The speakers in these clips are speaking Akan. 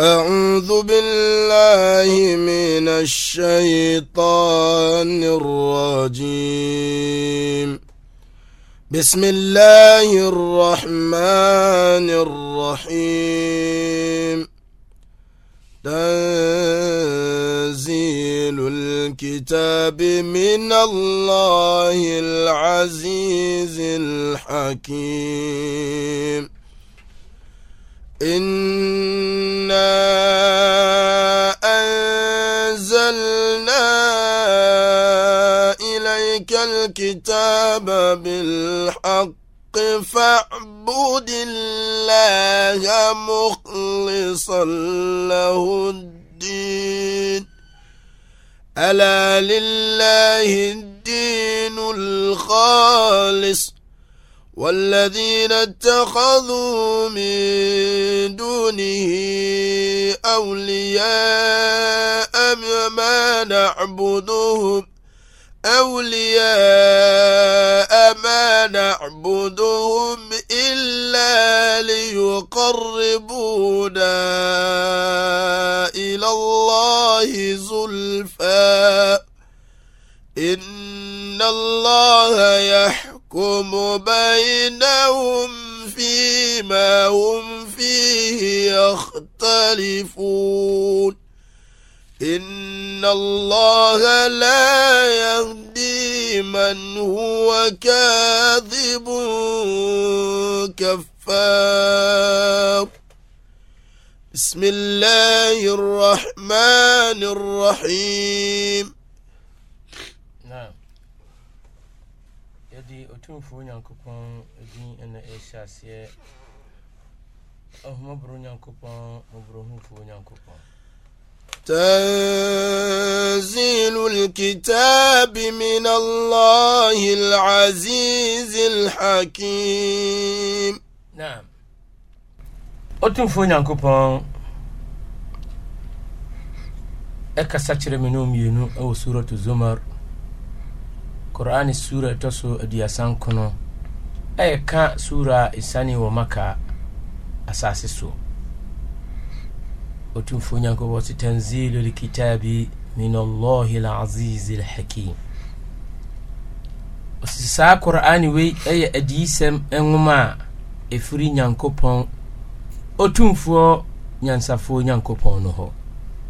أعوذ بالله من الشيطان الرجيم بسم الله الرحمن الرحيم تنزيل الكتاب من الله العزيز الحكيم إنا أنزلنا إليك الكتاب بالحق فاعبد الله مخلصا له الدين ألا لله الدين الخالص والذين اتخذوا من دونه أولياء ما نعبدهم أولياء ما نعبدهم إلا ليقربونا إلى الله زلفى إن الله يحب يحكم بينهم فيما هم فيه يختلفون إن الله لا يهدي من هو كاذب كفار بسم الله الرحمن الرحيم ɔtumfuo nyankopɔn din ɛna ɛhyɛ aseɛ ahomaboro nyankopɔn mɔborɔhufuo nyankopɔn تنزيل الكتاب من الله العزيز الحكيم نعم ɔtumfuo nyankopɔn ɛkasa kyerɛ me no mmienu ɛwɔ suratu zumar qur'ani sura ɛtɔ so aduasa nkono ɛyɛka e sura isani ɛsiane wɔ maka asase soɔ ɔtumfoɔ nyankopɔn se tanzilu lkitabi min allahi lazizi lhakim ɔsi saa qur'ani wei ɛyɛ e adiyisɛm nwoma a ɛfiri nyankopɔn ɔtumfoɔ nyansafoɔ nyankopɔn no hɔ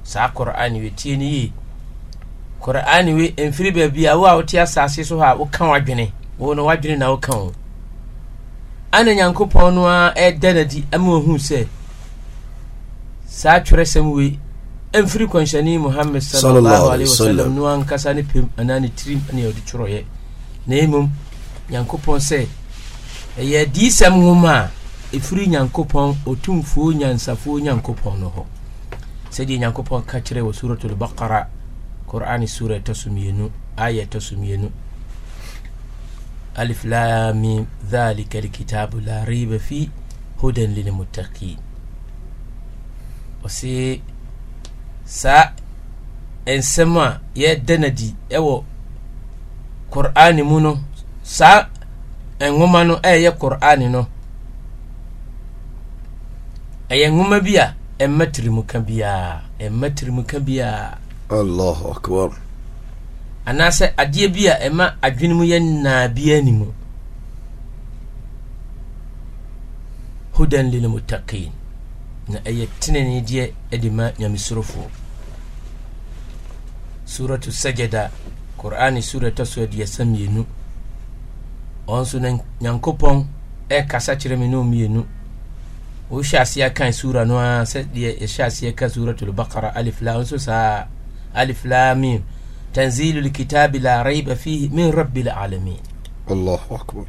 saa qur'ani wei tie no yie qur'an we mfiri baabi a wo a wote asase so hɔ a woka w'adwene wo no w'adwene na woka ho ana nyankopɔn no a ɛda n'adi ama ohu sɛ saa twerɛsɛm wei ɛmfiri kwanhyɛne muhammad sallallahu alaihi wasallam no ankasa ne pem anaa ne tirim ne ɔde twerɛeɛ na mmom nyankopɔn sɛ ɛyɛ diisɛm nwoma a ɛfiri nyankopɔn ɔtumfuo nyansafoɔ nyankopɔn no hɔ sɛdeɛ nyankopɔn ka kyerɛ wɔ suratul baqara qur'ani sura ta sumiyenu aya ta sumiyenu alif lam mim zalika alkitabu la riba fi hudan lil muttaqin wasi sa en a ya danadi ewo ɛwɔ qur'ani mu no saa nwoma no ya qur'ani no ɛyɛ e nwoma bi a ɛmma tirimuka en matrimu tirimuka biya. allahu akbar anaasɛ adeɛ bi a ɛma adwene mu yɛ nnaa biaa ni mu hudan lilmutakin na ɛyɛ tenenedeɛ ɛde ma nyamesorofoɔ suratu sajada qur'ane sura tɔ so aduasa mmienu ɔnso na nyankopɔn ɛkasa kyerɛ me ne mmienu wohyɛ aseɛ kan sura no a sɛ deɛ yɛhyɛ aseɛ ka suratul bakara alif la ɔnso saa alif lam mim tanzilul kitabi la raiba fihi min rabbil alamin. allahu akbar.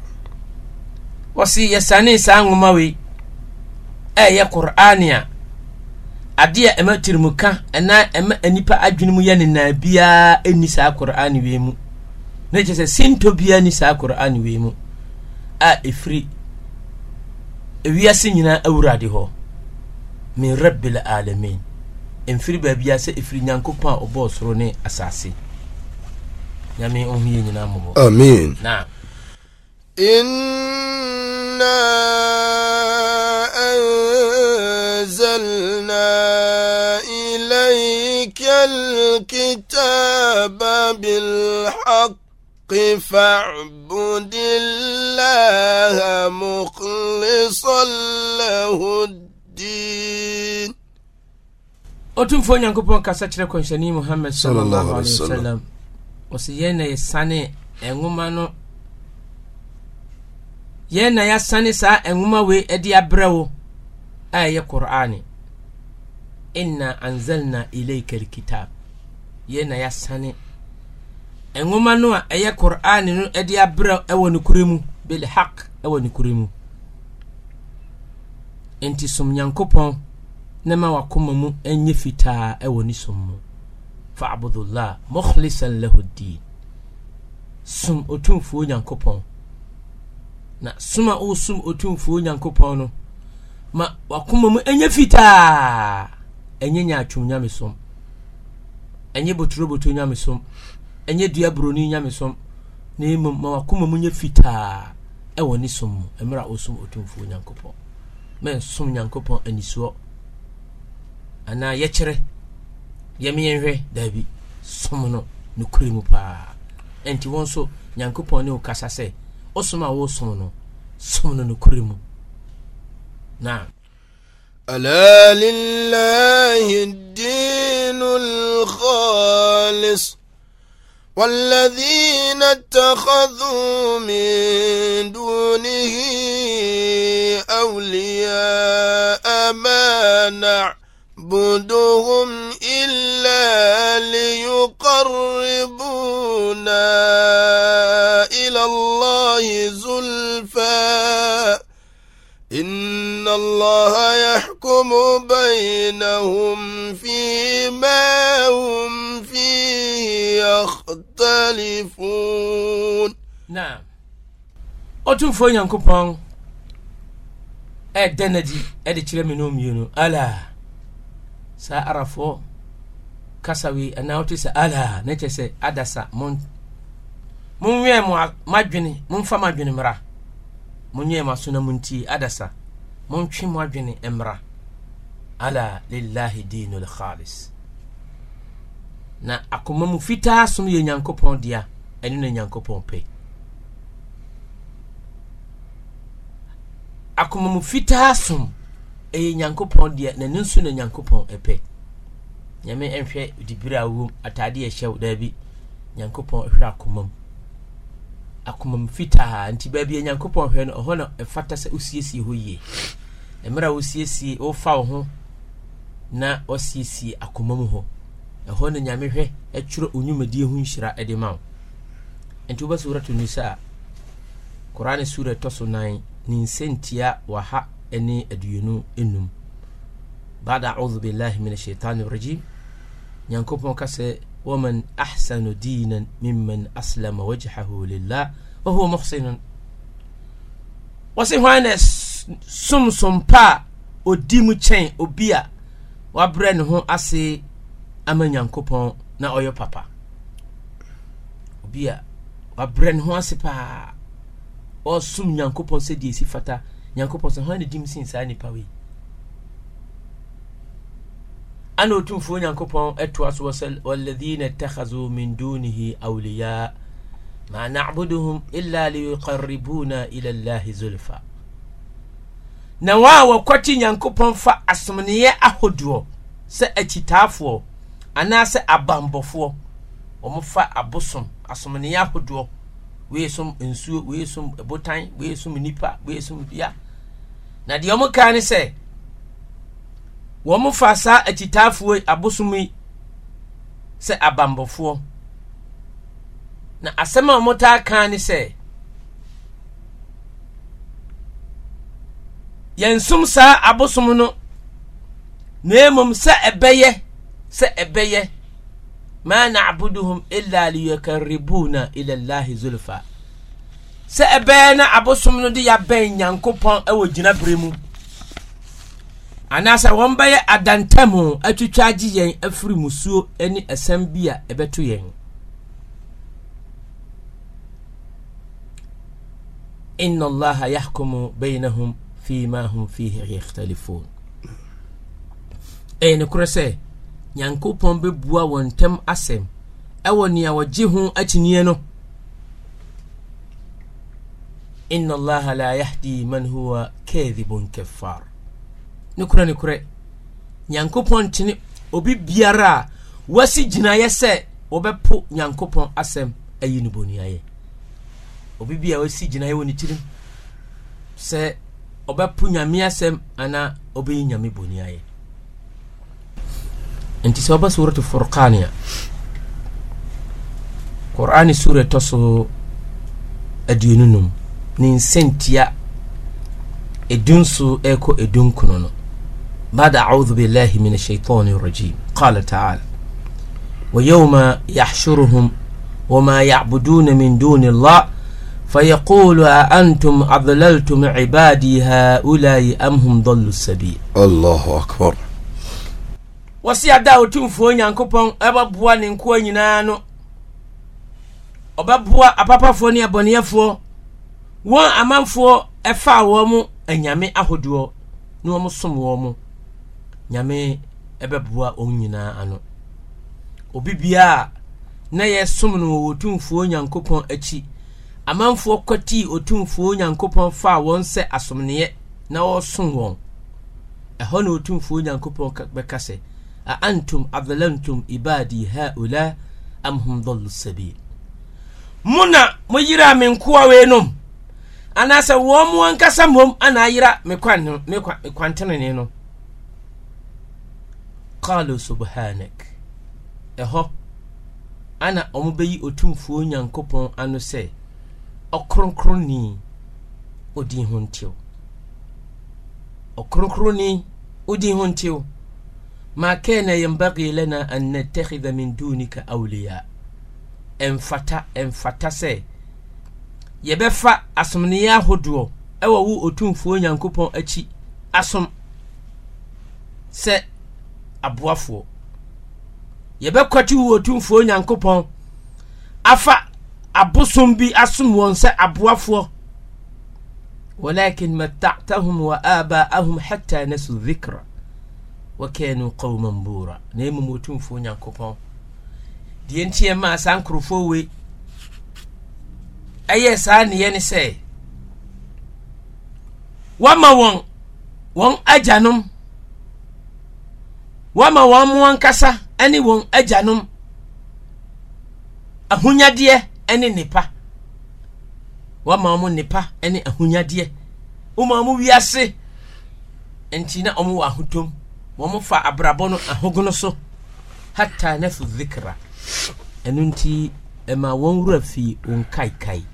wɔsi yɛsane saa nwoma wei ɛyɛ e, qur'ania adeɛ ɛma tirimu ka ɛna ɛma nipa adwene mu yɛ nenaa biara ɛni saa qur'ani wei mu ne kyerɛ sɛ sinto biara ni saa qur'ani wei mu a ɛfiri ewiase nyinaa awurade e hɔ min rabbil alamin mfiri baabi a sɛ ɛfiri nyankopɔn a ɔbɔɔ soro ne asase nyame ɔhu yɛ nyinaa mmɔbɔ amen na إنا أنزلنا إليك الكتاب بالحق فاعبد الله مخلصا له الدين ɔtumfoɔ nyankopɔn kasa kyerɛ kɔnhyɛne muhammad sallallahu alaihi wasallam ɔsɛ yɛn na yɛsane nwoma no yɛn na yɛasane saa nwoma wei de abrɛ wo a ɛyɛ qur'ane inna anzalna ilaika alkitab yɛn na yɛasane nwoma no a ɛyɛ qur'ane no de abrɛ ɛwɔ ne kure mu bilhaq ɛwɔ ne mu nti som nyankopɔn na ma wakoma mu ɛnyɛ fitaa ɛwɔ ne som mu fa abudullah mukhlisan lahu din som otumfuo nyankopɔn na som a wosom otumfuo nyankopɔn no ma wakoma mu ɛnyɛ fitaa ɛnyɛ nyaatwom nyame som ɛnyɛ botoroboto nyame som ɛnyɛ dua buroni nyame som na mmom ma wakoma mu nyɛ fitaa ɛwɔ ne som mu mmerɛ a wosom otumfuo nyankopɔn mɛnsom nyankopɔn anisoɔ anaa yɛkyerɛ yɛme yɛnhwɛ daabi som no nokorɛ mu paa ɛnti wɔn nso nyankopɔn ne wo kasa sɛ ɔsom a wɔsom no som no nokorɛ mu na ألا لله الدين الخالص والذين اتخذوا من دونه أولياء ما نعلم نعبدهم إلا ليقربونا إلى الله زلفا إن الله يحكم بينهم فيما هم فيه يختلفون نعم ɔtumfoɔ nyankopɔn ɛdɛ no adi دي kyerɛ me no mmienu alaa saa arafoɔ kasa wei anaa wote sɛ ala na kyɛ sɛ adasa monwɛn mo madwene momfa mo adwene mmra monyɛn mo aso na montie adasa montwe mo adwene mmra ala lillahi dinul khalis na akoma mu fitaa so no yɛ nyankopɔn dea ɛno na nyankopɔn pɛ akoma mu fitaa som ɛyɛ eh, nyankopɔn deɛ n'ani nso na nyankopɔn ɛpɛ nyame nhwɛ dibiri a wɔm ataade a daabi nyankopɔn hwɛ akoma mu fitaa nti baabi a nyankopɔn hwɛ no ɛhɔ na ɛfata sɛ wosiesie hɔ yie mmerɛ a wosiesie wofa wo ho na wɔsiesie akoma mu hɔ ɛhɔ na nyame hwɛ ɛtwerɛ onwumadie ho nhyira ɛde ma wo nti wobɛ suratu nisa a korane sura ɛtɔ so nan ne waha ne aduonu enum bada audhu billahi min ashaitani rajim nyankopɔn ka sɛ waman ahsanu dinan mimman aslama wajhahu lillah wa huwa muhsinun wɔse hwan na somsom pa a ɔdi mu kyɛn obi a wabrɛ ne ho ase ama nyankopɔn na ɔyɛ papa obi a wabrɛ ne ho ase paa ɔsom nyankopɔn sɛdeɛ ɛsi fata nyankopɔn sɛ hwan ne dim sin saa nipa wei ana ɔtumfuo nyankopɔn ɛtoa so walladhina takhazu min dunihi awliya ma nacbuduhum ila liyuqaribuna ila llahi zulfa na wa a wɔkɔte nyankopɔn fa asomneɛ ahodoɔ sɛ akyitaafoɔ anaasɛ abambɔfoɔ wɔmfa abosom asomneɛ ahodoɔ wei som nsuo wei som botan wei som nipa wei som yeah. na deɛ ɔmo kan ne sɛ wɔn fa saa akyitaafoɔ abosom yi sɛ abambɔfoɔ na asɛm a wɔn taa kan ne sɛ yɛnsom saa abosom no na mmom sɛ ɛbɛyɛ sɛ ɛbɛyɛ ma na abuduhum illa liyakaribuna ila allahi zulfa sɛ ɛbɛyɛ na abosom no de yɛabɛn nyankopɔn wɔ gyinabere mu anaasɛ wɔn bɛyɛ adantam atwitwa agye yɛn afiri musuo ne ɛsɛm bi a ɛbɛto yɛn inna allaha yahkumu bainahum fima hum fihi yakhtalifun ɛyɛ nokorɛ sɛ nyankopɔn bɛbua wɔn ntam asɛm ɛwɔ nea wɔgye ho akyinneɛ no inna allaha la yahdi man huwa kadhibun kaffar ne korɛ ne korɛ nyankopɔn kyene obi biara a wasi gyinaeɛ sɛ wɔbɛpo nyankopɔn asɛm ayi no bɔniayɛ obi bi wasi gyinaeɛ wɔ ne tirim sɛ ɔbɛpo nyame asɛm ana ɔbɛyi nyame bɔniayɛ nti sɛ wɔbɛ surat furqan a qur'ane sura tɔ so ne nsentia edun so ɛkɔ edun kono no bada awudu bilahi min shaitani rajim qala ta'ala wa yawma yaxshuruhum wama yacbuduna min duni allah فيقول أأنتم أضللتم عبادي هؤلاء أم هم ضلوا السبيل الله أكبر wɔsi ada a otumfuo nyankopɔn ɛbɛboa ne nkoa nyinaa no ɔbɛboa apapafoɔ ne abɔneɛfoɔ wọn amanfoɔ ɛfa wɔn mu anyame ahodoɔ na wɔn som wɔn mu nyame ɛbɛboa wɔn nyinaa ano obi biara na yɛsom no wɔ otumfuo nyankopɔn akyi amanfoɔ kɔtii otumfuo nyankopɔn fa wɔn sɛ asomneɛ na wɔsom wɔn ɛhɔ na otumfuo nyankopɔn bɛka sɛ a antum adhalantum ibadi haula am hum dhallu sabil mo na moyiraa me nkoa wei enum. anaasɛ wɔn mu ankasa mmom ana ayera me kwan me kwantenene no qalu subhanak ɛhɔ ana ɔmo bɛyi otumfuo nyankopɔn ano sɛ ɔkronkronni odin ho ntew ɔkronkronni odin ho ntew ma kana yambagi lana an nattakhidha min dunika awliya ɛmfata ɛmfata sɛ yɛbɛfa asomneɛ ahodoɔ ɛwɔ wo otumfuo nyankopɔn akyi asom sɛ aboafoɔ yɛbɛkɔkye wo otumfuo nyankopɔn afa abosom bi asom wɔn sɛ aboafoɔ walakin matatahum wa abaahum hatta nasu dhikra wakanu qauman bura na mmom otumfuo nyankopɔn deɛ nti ɛmaa saa nkurɔfoɔ wei ɛyɛ saa neɛ ne sɛ wama wɔn wɔn agyanom wama wɔn mo ankasa ne wɔn agyanom ahonyadeɛ ne nipa wama wɔn nipa ne ahonyadeɛ wɔn a nti na wɔn wɔ ahotom wɔn fa abrabɔ no ahogono so hata ne zikra ɛno nti ɛma wɔn wura fi wɔn kaekae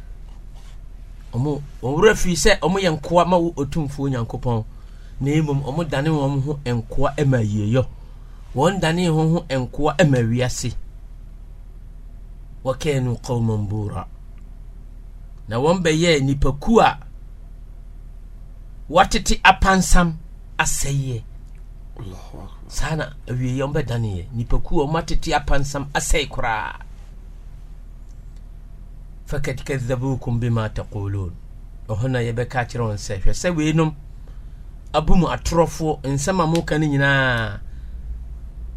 ɔmo ɔwura firi sɛ ɔmo yɛ nkoa ma wo otumfuo nyankopɔn na mmom ɔmo dane wɔn ho nkoa ɛma yieyɔ wɔn dane wɔn ho nkoa ɛma wiase wɔkɛɛ no kɔɔman buura na wɔn bɛyɛ nipakuo a wɔtete apansam asɛeɛ saa na awieɛ ɔmo bɛdaneɛ nipakuo a ɔmo atete apansam asɛe koraa fakad kadhabukum bima taqulun ɔhɔ na yɛbɛka kyerɛ wɔn sɛ hwɛ sɛ weinom abu mu atorɔfoɔ nsɛm a moka no nyinaa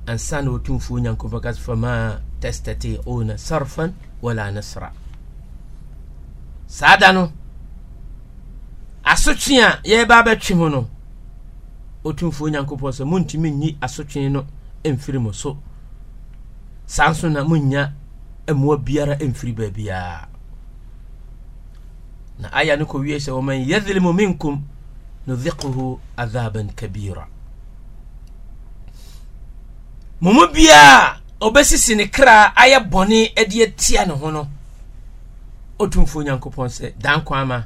ansa na ɔtumfuo nyankopɔn ka fama tastatiuna sarfan wala nasra saa da no asotwe a yɛreba abɛtwe mu no ɔtumfuo nyankopɔn sɛ montumi nyi asotwe no mfiri mu so saa nso na monnya mmoa biara mfiri baabiara na aya niko wiye sɛ waman yadhlimu minkum nudhiquhu adhaban kabira mo mu biaa ɔbɛsisi ne kra ayɛ bɔne de atia ne ho no ɔtumfuo nyankopɔn sɛ dan kwan ma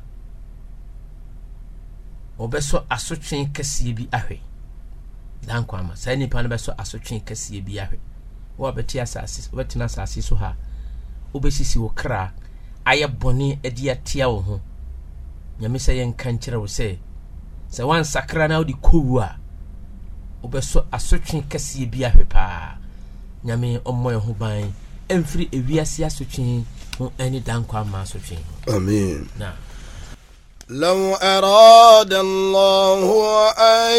ɔbɛsɔ asotwe kɛseɛ bi ahwɛ dan kwan ma saa nipa no bɛsɔ asotwe kɛseɛ bi ahwɛ wo a asase so ha wobɛsisi wo kra ayɛ bɔne de atia wo ho nyame sɛ yɛnka nkyerɛ wo sɛ sɛ woansakra na wode kɔwu a wobɛsɔ asotwe kɛseɛ bi ahwɛ paa nyame ɔmmɔ yɛ ho ban ɛmfiri ewiase asotwe ho ne dankɔ ama asotwe ho amen na لو أراد الله أن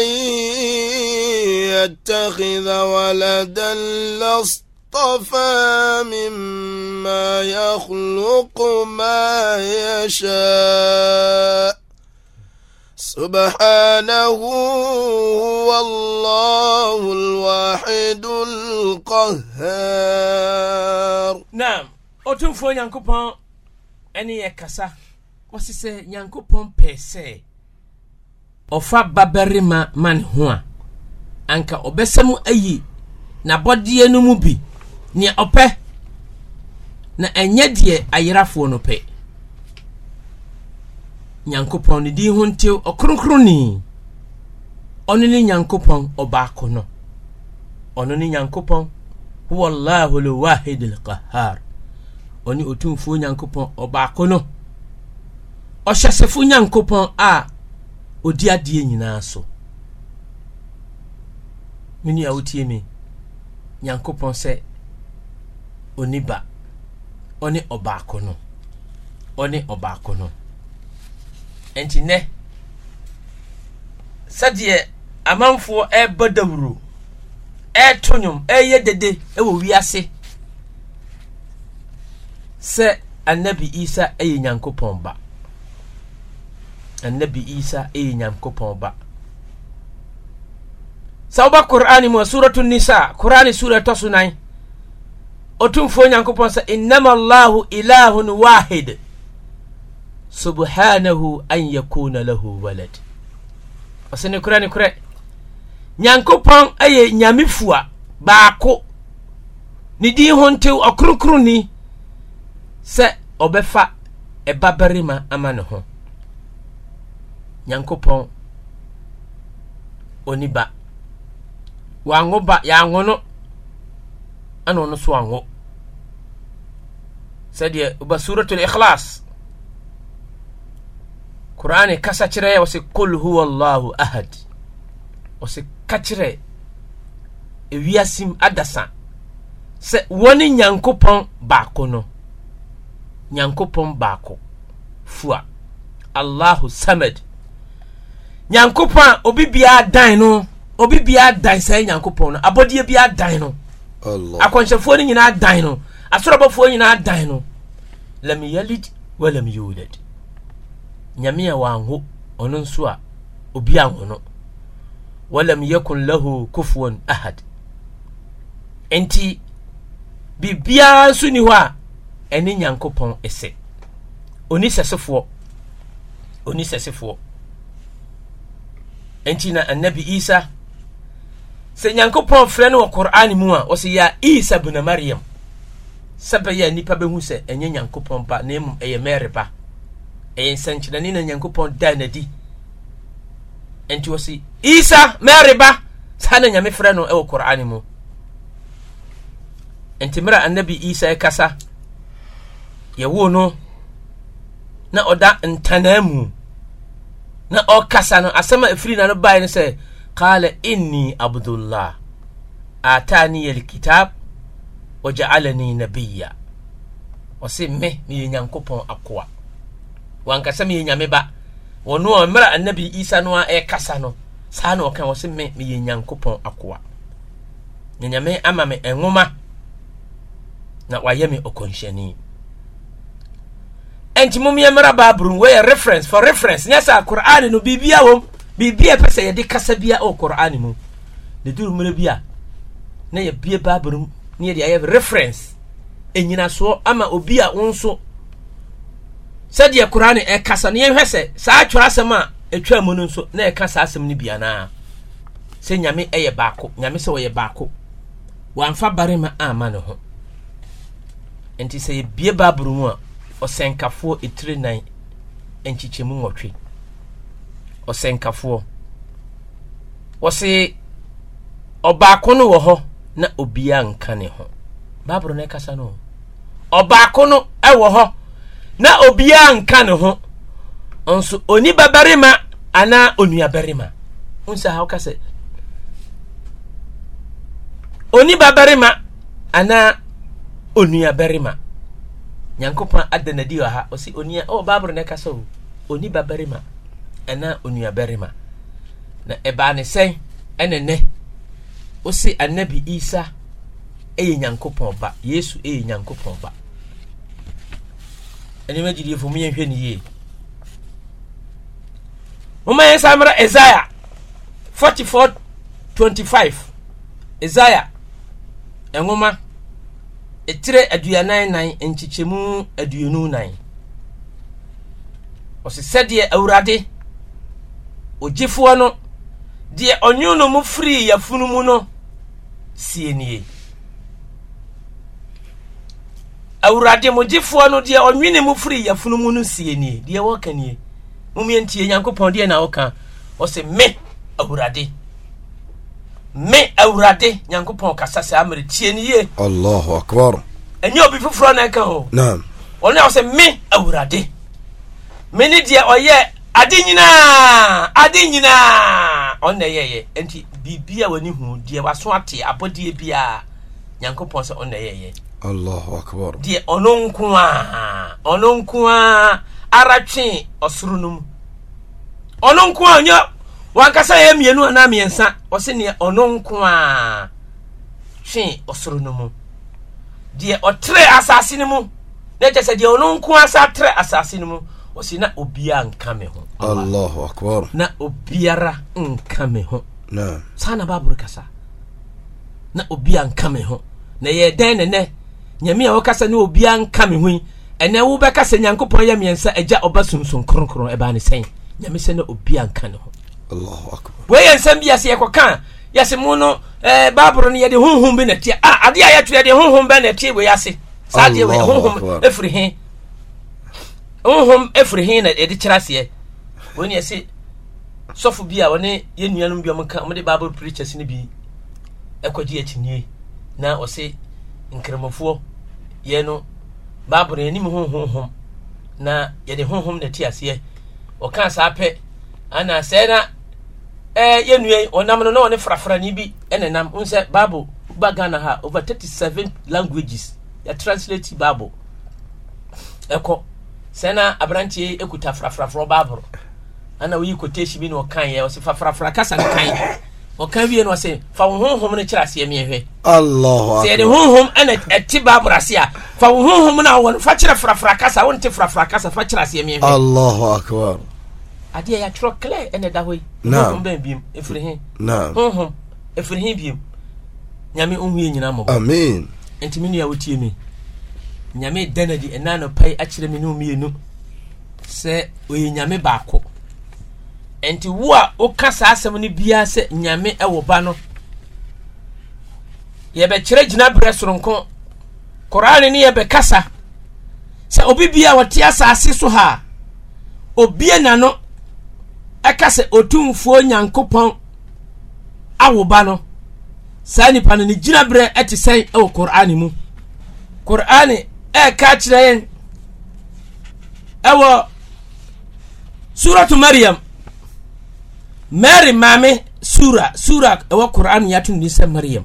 يتخذ ولدا لص اصطفى مما يخلق ما يشاء سبحانه هو الله الواحد القهار نعم otumfuo nyankopɔn ɛne yɛ kasa wɔse sɛ nyankopɔn pɛɛ sɛ ɔfa babarima ma ne ho a anka ɔbɛsɛ mu ayi n'abɔdeɛ no mu bi nea ɔpɛ na ɛnyɛ deɛ ayerafoɔ no pɛ nyankopɔn ne din ho ntew ɔkronkronni ɔno ne nyankopɔn ɔbaako no ɔno ne nyankopɔn wallahu lwahid lqahar ɔne ɔtumfuo nyankopɔn ɔbaako no ɔhyɛsefo nyankopɔn a ɔdi adeɛ nyinaa so menua wotie me nyankopɔn sɛ ɔne ba ɔne ɔbaako no ɔne ɔbaako no nti nɛ sɛdeɛ amanfoɔ ɛrebɔ dawuro ɛreto nnwom ɛreyɛ dede ɛwɔ wiase sɛ anabi isa ɛyɛ nyankopɔn ba anabi isa ɛyɛ nyankopɔn ba sɛ woba qur'ane mu a suratu nisa qur'ane sura ɛtɔ so nan ɔtumfoɔ nyankopɔn sɛ innama allahu ilahun wahid subhanahu an yakuna lahu walad ɔsɛ ne korɛ ne korɛ nyankopɔn ɛyɛ nyame fua baako ne din ho ntew ɔkorokoroni sɛ ɔbɛfa ɛba barima ama ne ho nyankopɔn ɔni ba wango ba yɛango no ana ɔno so wango sɛdeɛ woba suratul ikhlas qur'ane kasa kyerɛ wɔ se kul huwa allahu ahad wɔ se ka kyerɛ ewiasim adasa sɛ wɔne nyankopɔn baako no nyankopɔn baako fua allahu samad nyankopɔn a obi biara dan no obi biara dan sɛ nyankopɔn no abɔdeɛ biara dan no akɔnhyɛfoɔ no nyinaa dan no asorɔbɔfoɔ nyinaa dan no lam yalid walam yulad nyame a wanho ɔno nso a obi anho no walam yakun lahu kufuwan ahad enti biribiara nso ni hɔ a ɛne nyankopɔn ɛsɛ oni sɛsefoɔ oni sɛsefoɔ enti na annabi isa sɛ nyankopɔn frɛ no wɔ qur'an mu a wɔsɛ ya isa bna mariam sɛ bɛyɛ nnipa bɛhu sɛ ɛnyɛ nyankopɔn ba na mmom ɛyɛ mary ba ɛyɛ nsɛnkyerɛnne na nyankopɔn da n'adi ɛnti wɔ isa mary ba saa na nyame frɛ no ɛwɔ korane mu ɛnti mmerɛ annabi isa ɛkasa yɛwoo no na ɔda ntanaa mu na ɔkasa no asɛm a ɛfiri na no bae no sɛ qala inni abdullah atani yalkitab waja'alani nabiyya ɔse me meyɛ nyankopɔn akoa wankasa meyɛ nyame ba wɔno a mmerɛ annabi isa no a ɛrekasa no saa na ɔka wɔse me meyɛ nyankopɔn akoa na nyame ama me nwoma na wayɛ me ɔkɔnhyɛni ɛnti mom yɛ mmara baabrom wɔyɛ reference for reference nyɛ sɛ qur'ane no biribia wɔm biribia ɛpɛ sɛ yɛde kasa bia ɔwɔ qur'ane mu ne duru mmerɛ bi a na yɛbie baabrom ne yɛde ayɛ reference ɛnyinasoɔ ama obi a wo nso sɛdeɛ koraa ne ɛkasa ne yɛhwɛ sɛ saa atwerɛ asɛm a ɛtwa mu no nso na ɛka saa asɛm no bianaa sɛ nyame ɛyɛ baako nyame sɛ ɔyɛ baako wɔamfa barima ama ne ho nti sɛ yɛbie bible mu a ɔsɛnkafoɔ ɛtire nan nkyekyɛmu nwɔtwe ɔsɛnkafoɔ wɔse ɔbaako no wɔ hɔ na obiara nka ne ho baaburo na ɛkasa no ɔbaako no ɛwɔ hɔ na obiara nka ne ho nso onipa barima anaa onua barima nsa ha ɔka sɛ onipa barima anaa onua barima nyankopɔn ada n'adi wɔ ha ɔsi onia ɔwɔ baaburo na ɛkasa o onipa barima anaa onua barima na ɛbaa ne sɛn ɛnɛ nɛ wosi anabi isa ɛyɛ nyankopɔn ba yesu ɛyɛ nyankopɔn ba ɛnima gyidiefo mu yɛnhwɛ ne yie moma yɛn san mmra isaiah 44:25 isaiah ɛnwoma ɛtire aduanan nan nkyekyɛmu aduonu nan ɔsi sɛdeɛ awurade ogyefoɔ no deɛ ɔnwene mu firi yafunu mu no sie nie awurade mo gyefoɔ no deɛ ɔnwene mu firi yɛfunu mu no sie nie deɛ wɔka nie momiɛntie nyankopɔn deɛ na woka ɔsɛ me awurade me awurade nyankopɔn kasa sɛ amere tie ne ye allahu akbar ɛnyɛ obi foforɔ na ɛka ho ɔno a ɔsɛ me awurade me ne deɛ ɔyɛ ade nyinaa ade nyinaa ɔn na yɛyɛ nti biribi a wani hu deɛ waso ate abɔdeɛ bi nyankopɔn sɛ ɔn na yɛyɛ allahu akbar deɛ ɔno nko a ɔno nko a ara twe ɔsoro no mu ɔno nko a ɔnyɛ wankasa yɛ mmienu anaa mmiɛnsa ɔsɛ neɛ ɔno nko a twe ɔsoro no mu deɛ ɔtrɛ asase no mu na kyɛ sɛ deɛ ɔno nko a sa trɛ asase no mu ɔsi na obiara nka me ho Allah akbar na obiara nka me ho saa na baabolo kasa na obia nka me ho na yɛ dɛn nenɛ nyame a wɔkasa ne obia nka me ho yi ɛnɛ wobɛkasa nyankopɔn yɛ mmiɛnsa agya ɔba sunsun kronkron ɛbaa ne sɛn nyame sɛ na obia nka ne ho wɔyɛ nsɛm bi ase yɛkɔka yɛse mu no eh, baabolo no yɛde honhom bi natie ah, adeɛ a yɛtwerɛ deɛ honhom bɛ natie wei ase saa deɛ honhom ɛfiri he honhom ɛfiri he na yɛde kyerɛ aseɛ wɔne ɛse sɔfo bi a wɔne yɛn nuanom bi ɔmo ka ɔmo de bible preachers no bi ɛkɔgye akyinie na ɔse nkramofoɔ yɛ no bible no anim honhonhom na yɛde honhom na ti aseɛ ɔka saa pɛ ana sɛ na ɛɛ yɛn nua yi ɔnam no na ɔne frafrani bi ɛna nam nsɛ bible ba ghana ha over thirty seven languages yɛ translate bible ɛkɔ sɛ na aberanteɛ ekuta frafrafrɔ bible. ana oyi quotation bi na ɔkan yɛ ɔsɛ fafrafra kasa no kan ɔkan wie na ɔsɛ fa wo honhom no kyerɛ aseɛ meɛhwɛ sɛ yɛde honhom ɛna ɛte bible ase a fa wo honhom no a fa kyerɛ frafra kasa wonte frafra kasa fa kyerɛ aseɛ meɛhwɛ adeɛ yɛatwerɛ clear ɛna ɛda hɔ yi honhom bɛn biom ɛfiri he honhom ɛfiri he biom nyame ɔnhue nyina mmɔbɔ amen nti me nua wotie me nyame dɛnadi ɛna nɔpa yi akyerɛ me ne mmienu sɛ ɔyɛ nyame baako nti wo a woka saa asɛm no biara sɛ nyame wɔ ba no yɛbɛkyerɛ gyina berɛ soronko korane ne yɛbɛkasa sɛ obi bia wɔte asase so ha a obie n'ano ɛka sɛ otumfuo nyankopɔn awo ba no saa nipa no ne gyina berɛ ɛte sɛn ɛwɔ korane mu korane ɛɛka kyerɛ yɛn ɛwɔ suratu mariam mary maame sura sura ɛwɔ quran ya tum ni sɛ mariam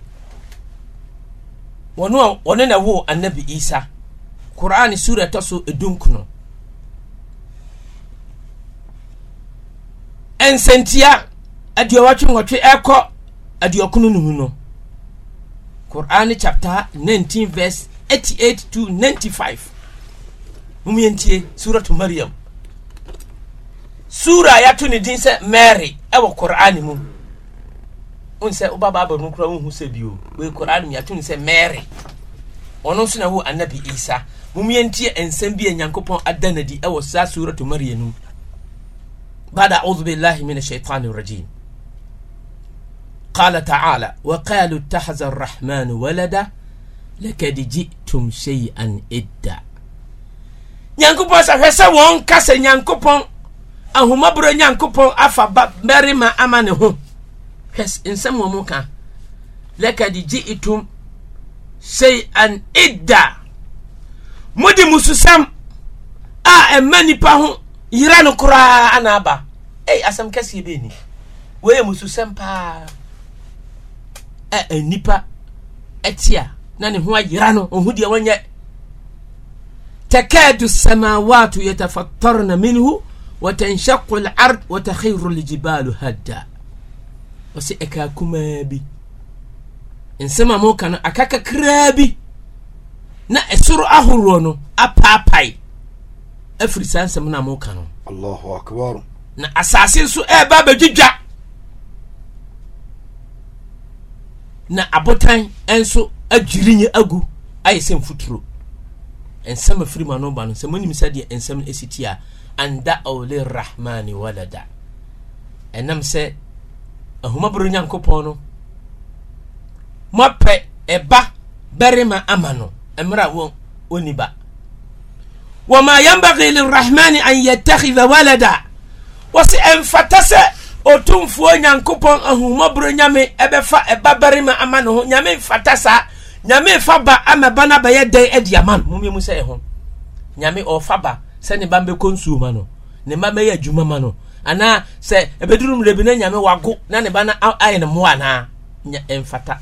wɔn a wɔne na wo anabi isa quran sura ɛtɔ so edunkuno nsantia aduawatwe nwɔtwe ɛkɔ aduokunu no mu no quran chapter nineteen, verse eighty-eight to ninety-five. 95 sura to mariam sura ya yɛato ne din sɛ mary ɛwɔ kor'ane mu wohu sɛ wobaba aba no koraa wohu sɛ bio wei kor'ane mu yɛato ne sɛ mary ɔno nso na ɛwo annabi isa momiɛntie nsɛm bi a nyankopɔn ada no di ɛwɔ saa sura maria no mu بعد أعوذ بالله من الشيطان الرجيم قال تعالى وقالوا اتخذ الرحمن ولدا لقد جئتم شيئا إدا نيانكو بون سا هسا وون كاسا نيانكو ahomɔborɔ nyankopɔn afa ba mmarima ama ne ho hwɛ nsɛm wɔ mu ka lɛkade gye itum sei an ida mode mususɛm a ɛma nipa ho yera no koraa ana aba ei asɛm kɛseɛ bɛni wɔyɛ mususɛm paa a nipa ɛte a na ne ho ayera no ɔhu deɛ wɔnyɛ takaadu samawatu yatafattarna minhu watanshaqu al-ard wa takhiru al-jibalu hadda ɔsi ɛka kumaa bi nsɛm a moka no aka kakraa bi na ɛsoro ahoroɔ no apaapae afiri saa nsɛm no a moka no allahu akbar na asase nso ɛɛba abɛdwidwa na abotan nso adwirinye agu ayɛ sɛ mfuturo nsɛm afiri mu ano ba no sɛ monim sɛdeɛ nsɛm no ɛsi tie a anda awle rahmani walada ɛnam sɛ ahumaboro nyankopɔn no moapɛ ɛba bɛrima ama no mmerɛ a wɔni ba wama yambagi lirahmani an yattakhidha walada wɔse ɛmfata sɛ ɔtumfuo nyankopɔn ahumaboro nyame ɛbɛfa ɛba bɛrima ama ne ho nyame mfata saa nyame fa ba ama ba no abɛyɛ dɛn adi ama no mumiemu sɛ ɛho nyame ɔfa ba sɛ ne ba bɛkɔ nsuo ma no ne ba bɛyɛ adwuma ma no anaa sɛ ɛbɛduru mu rebi na nyame wago na ne ba na ayɛ ne mo anaa nya ɛmfata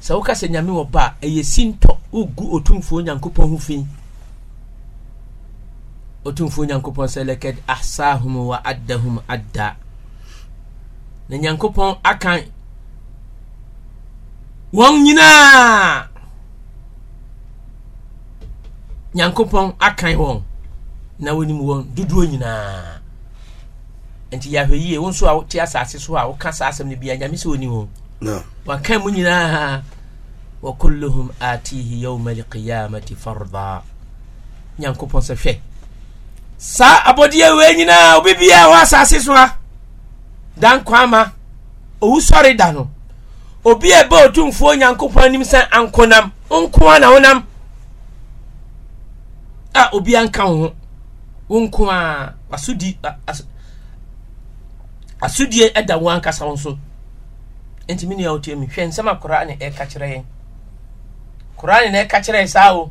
sɛ woka sɛ nyame wɔ ba a ɛyɛ sintɔ wogu otumfuo nyankopɔn ho fi otumfuo nyankopɔn sɛ lɛkɛd ahsahum wa addahum adda na nyankopɔn akan wɔn nyinaa nyankopɔn akan wɔn na wɔnim wɔn dodoɔ nyinaa nti yɛahwɛ yie wo nso a wote asase so a woka saa asɛm no bia nyame sɛ ɔni wo waka mu nyinaa wa kulluhum atihi yauma alqiyamati farda nyankopɔn sɛ hwɛ saa abɔdeɛ wei nyinaa wobɛbiaa wɔ asase so a da nkwaama owu sɔre da no obi a ɛbɛ otumfuo nyankopɔn anim sɛ ankonam nko a na wonam a obiaa nka wo ho wo nko a asodi asodie ɛda wo ankasa wo so nti me nua wotie hwɛ nsɛm a korane ɛka kyerɛ yɛn korane na ɛka e kyerɛ yɛ saa o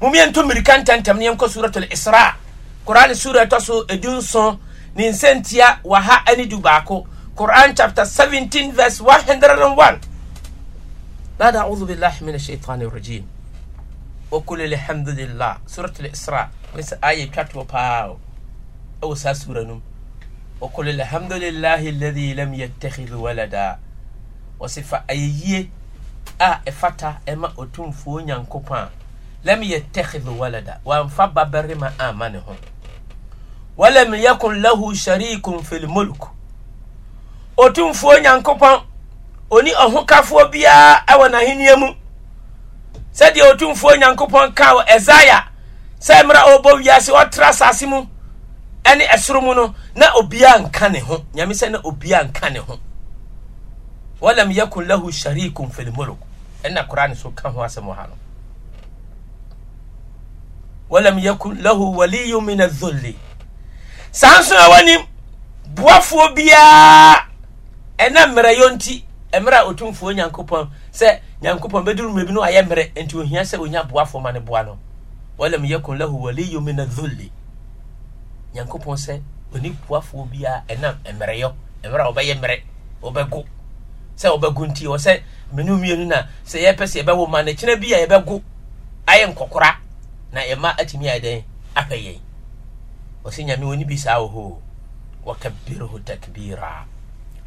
mumia nto mmirika ntɛntɛm ne yɛnkɔ suratul isra korane sura ɛtɔ e so ɛdu nson ne nsɛntia waha du baako quran chapter 17 verse 101 بعد أعوذ sɛ ayɛ twatoɔ paa o ɛwɔ saa sura no mu ɔkɔlɔ alhamdulilahi ladi lam yattakhidh walada ɔsi fa ayɛyie a ɛfata e ɛma e ɔtumfuo nyankopɔn a lam yattakhidh walada wamfa babarima ama ne ho walam yakun lahu sharikun fil mulk ɔtumfuo nyankopɔn oni ɔhokafoɔ biara ɛwɔ n'ahenia mu sɛdeɛ ɔtumfuo nyankopɔn kaa wɔ ɛsaya sɛ mmerɛ a ɔbɔ wiase ɔtra asase mu ɛne ɛsoro mu no na obiara nka ne ho nyame sɛ na obiara nka ne ho walam yakun lahu sharikun fil mulk ɛna koran so ka ho asɛm ha no walam yakun lahu waliyun min adh saa nso na wanim boafoɔ biara ɛna mmerɛ yɔ mmerɛ a ɔtumfoɔ nyankopɔn sɛ nyankopɔn bɛduru mmerɛ bi no ayɛ mmerɛ nti ohia sɛ onya boafoɔ ma ne boa no ولم يكن له ولي من الذل نيانكوبون سي وني بوافو بيا انام امريو امرا وبيا امري وبغو سي وبغو انتي وسي منو ميونا سي يبس يبغو ما نتشنا بيا يبغو ايا نكوكرا نا يما اتمي ايدين افايا وسي نيامي وني بيسا وهو وكبره تكبيرا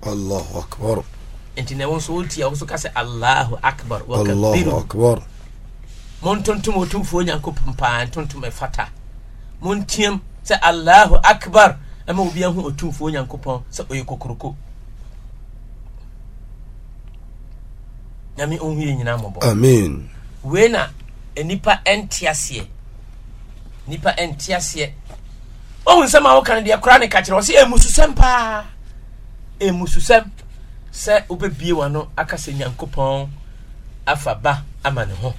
الله اكبر انتي نيوان سولتي يوسو كاسي الله اكبر وكبره الله اكبر montontom otumfuo nyankopɔn paa ntontom ɛfata monteam sɛ allahu akbar ɛma obi ahu otumfuo nyankopɔn sɛ ɔyɛ kokoroko nyame ɔhu yɛ mmɔbɔ amen wei na nipa ɛnte nipa ɛnte aseɛ ɔhu nsɛm a woka no deɛ koraa ne ka kyerɛ sɛ ɛmususɛm paa ɛmususɛm sɛ wobɛbie wa no aka sɛ nyankopɔn afa ba ama ne ho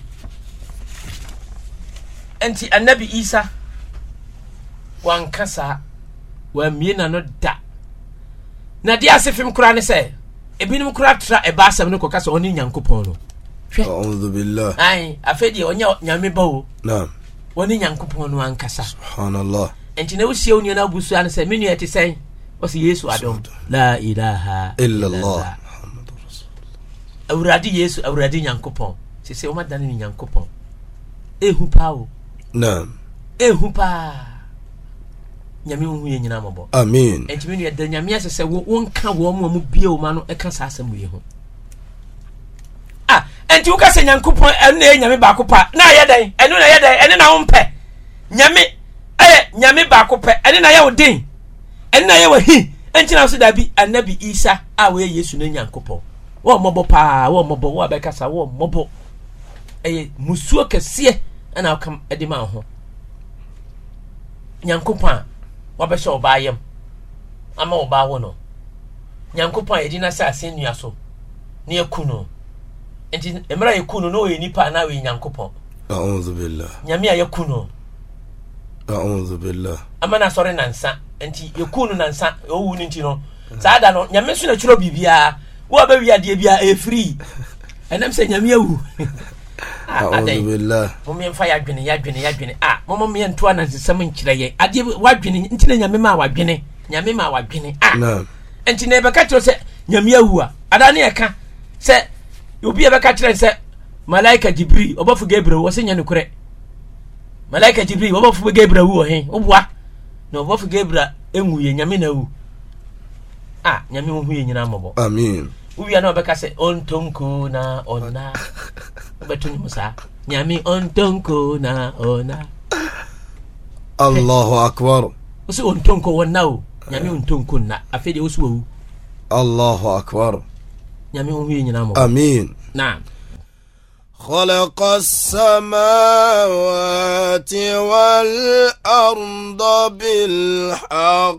nti anabi isa wanka saa wammie n'ano da na deɛ ase fem koraa ne sɛ ebinom koraa tra ɛba asɛm no kɔka sɛ ɔne nyankopɔn no hwɛ ae afei deɛ ɔnyɛ nyame ba o wɔne nyankopɔn no ankasa nti na wosie wo nuano abusua no sɛ me nua ɛte sɛn wɔsɛ yesu adom la ilaha illallah awurade yesu awurade nyankopɔn sɛ sɛ womadane ne nyankopɔn ɛhu paa o naam ehu paa nyame hu yɛ nyina mɔbɔ amen ɛntumi nua da nyame asɛ sɛ wonka wɔn mu a mu bie wɔn ano ɛka saa asɛm yi ho a ɛnti woka sɛ nyankopɔn ɛno na ɛyɛ nyame baako pa na ɛyɛ dɛn ɛno na ɛyɛ dɛn ɛne na wo mpɛ nyame ɛyɛ nyame baako pɛ ɛne na ɛyɛ wo den ɛne na ɛyɛ wo hi ɛnti na so daabi anabi isa a wɔyɛ yesu ne nyankopɔn wɔn mɔbɔ paa wɔn mɔbɔ wɔn abɛkasa wɔn mɔbɔ ɛyɛ musuo kɛseɛ ɛna aka ɛde ma ho nyankopɔn a wabɛhyɛ ɔbaa yam ama ɔbaa wɔ no nyankopɔn a yɛde n'asɛ ase nnua so na yɛku no nti mmerɛ a yɛku no na ɔyɛ nipa anaa ɔyɛ nyankopɔn nyame a yɛku no ama no asɔre nansa nti yɛku no nansa ɔwu no nti no saa da no nyame so na kyerɛ biribiaa wo a bɛwi adeɛ biaa ɛyɛ firii ɛnam Ah, a'udhu billahi momemfa yɛadwene yɛadwene yɛadwene a ah, moma meyɛnto anansesɛm nkyerɛ yɛ adeɛ woadwene nti nyame ma wadwene nyame ma wadwene a ah, nti na kyerɛ sɛ nyame awu a ada sɛ obi yɛbɛka kyerɛ sɛ malaika jibri ɔbɔfo gabriel wɔ sɛ nyɛ malaika jibri ɔbɔfo gabriel wu wɔ he woboa na ɔbɔfo gabriel ɛwu yɛ nyame na awu a nyame wohu yɛ nyinaa mmɔbɔ amen wowia na ɔbɛka sɛ ɔntonko na ɔna wobɛto nwom saa nyame ɔntɔnko na ɔna allahu akbar wo sɛ ɔntɔnko wɔnna o nyame ɔntɔnko nna afei deɛ wo so wawu allahu akbar nyame wo hwie nyina mɔ amin naam خلق السماوات والأرض بالحق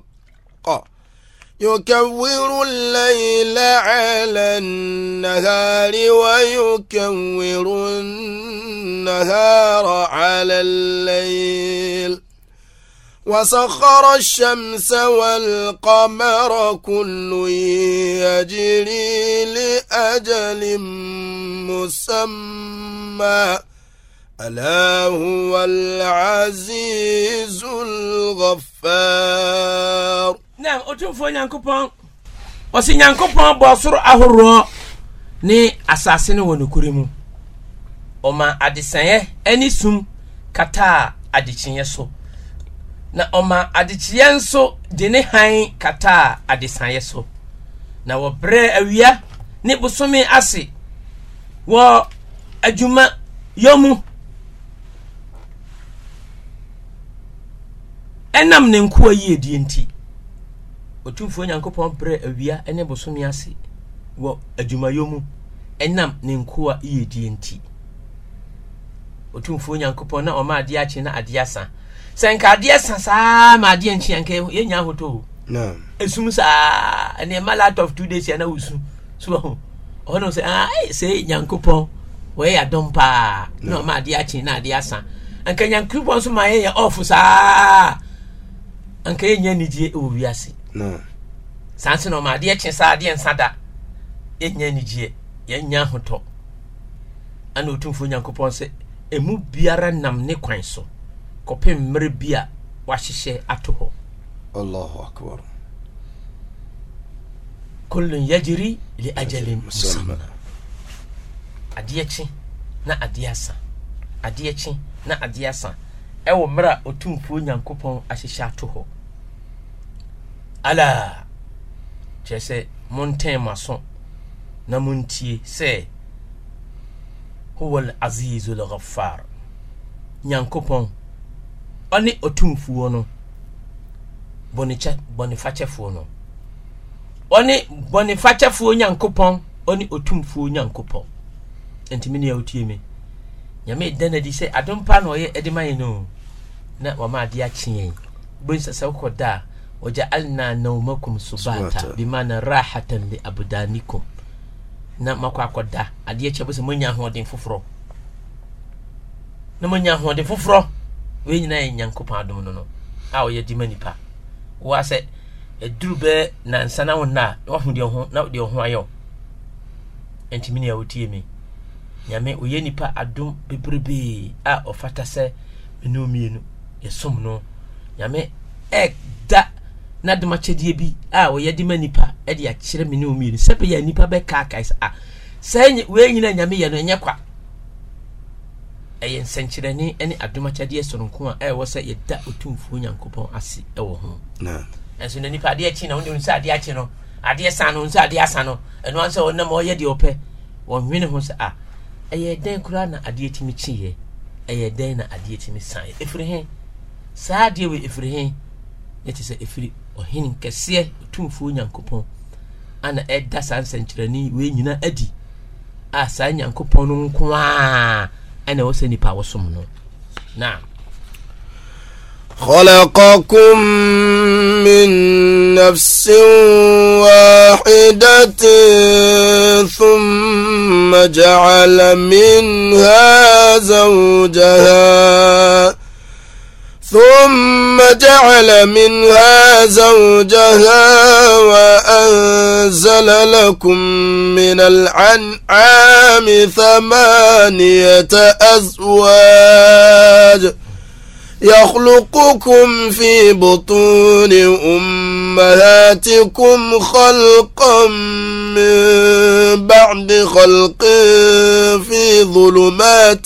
يكور الليل على النهار ويكور النهار على الليل وسخر الشمس والقمر كل يجري لأجل مسمى ألا هو العزيز الغفار na ɔtumfoɔ nyankopɔn ɔsi nyankopɔn bɔ soro ahoroɔ ne asase no wɔ nokore mu ɔma adesaeɛ ne sum kataa adekyeeɛ so na ɔma adekyeeɛ nso de ne han kataa adesaeɛ so na wɔbrɛ awia ne bosome ase wɔ adwuma yɔmu ɛnam ne nkoa yiedie nti otumfuo nyankopɔn brɛ awia ne bosome ase wɔ adwumayɔ mu ɛnam ne nkoa yɛdie nti otumfuo nyankopɔn na ɔma adeɛ akye na adeɛ asa sɛ nka adeɛ sa saa ma adeɛ nkye anka yɛnya ahotɔ o ɛsum saa nneɛma lot of two days ana wosu so ɔhɔ ɔno sɛ ah, eh, sɛ nyankopɔn wɔyɛ adɔm paa na ɔma adeɛ akye na adeɛ asa anka nyankopɔn nso ma yɛyɛ ɔfo saa anka yɛnya anigye wɔ wiase saa nso na ɔma adeɛ kye saa adeɛ nsa da yɛnya anigyeɛ yɛnya ahotɔ ana ɔtumfoɔ nyankopɔn sɛ emu biara nam ne kwan so kɔpem mmerɛ bi a wahyehyɛ ato hɔ allahu akbar li musamman adeɛ na adeɛ asa adeɛ kye na adeɛ asa a ala kyerɛ sɛ montɛn mo aso na montie sɛ huwal azizu lghafar nyankopɔn ɔne ɔtumfuo no bɔnekyɛ bɔnefakyɛfoɔ no ɔne bɔnefakyɛfoɔ nyankopɔn ɔne ɔtumfuo nyankopɔn ntumi ne a wotie me nyame da no adi sɛ adom na ɔyɛ ɛde ma yɛ no na wama ade akye yɛn sɛ wokɔ da wajaalna naumakum subata bimana rahatan li abdanikum na makɔ akɔda adeɛ kyɛ sɛ moanya ahoɔden foforɔ na moanya ahoɔden foforɔ wei nyinaa yɛ nyankopɔn adom no no a ɔyɛ di nipa wa sɛ aduru bɛ nansa na wo a wahu deɛ ho na deɛ ho ayɛ ɛntimi ne a wotie me nyame ɔyɛ nipa adom bebrebee a ɔfata sɛ mene mmienu yɛsom no nyame na dema kyɛdeɛ bi a ɔyɛ de ma nipa de akyerɛ me ne wo mmienu sɛ bɛyɛ nipa bɛkaakae sɛ ah, a sɛ wei nyina nyame yɛ no ɛnyɛ kwa ɛyɛ nsɛnkyerɛnne ne adomakyɛdeɛ sononko a ɛwɔ sɛ yɛda ɔtumfuo nyankopɔn ase ɛwɔ ho ɛnso na nipa adeɛ akyi na wode sɛ adeɛ akyi no adeɛ sa no sɛ adeɛ asa no ɛno a sɛ ɔnam ɔyɛ deɛ ɔpɛ wɔnwene ho sɛ a ah, ɛyɛ dɛn koraa na adeɛ tumi kyeeɛ ɛyɛ dɛn na adeɛ tumi saeɛ ɛfiri he saa adeɛ wɔ ɛfiri he te sɛ ɛfiri ɔhene kɛseɛ ɔtumfuo nyankopɔn ana ɛda saa nsɛnkyerɛnne wei nyina adi a saa nyankopɔn no nko a ɛna ɛwɔ sɛ nipa wɔsom no na خلقكم من نفس واحدة ثم جعل منها زوجها ثم جعل منها زوجها وأنزل لكم من العنعام ثمانية أزواج يخلقكم في بطون أمهاتكم خلقا من بعد خلق في ظلمات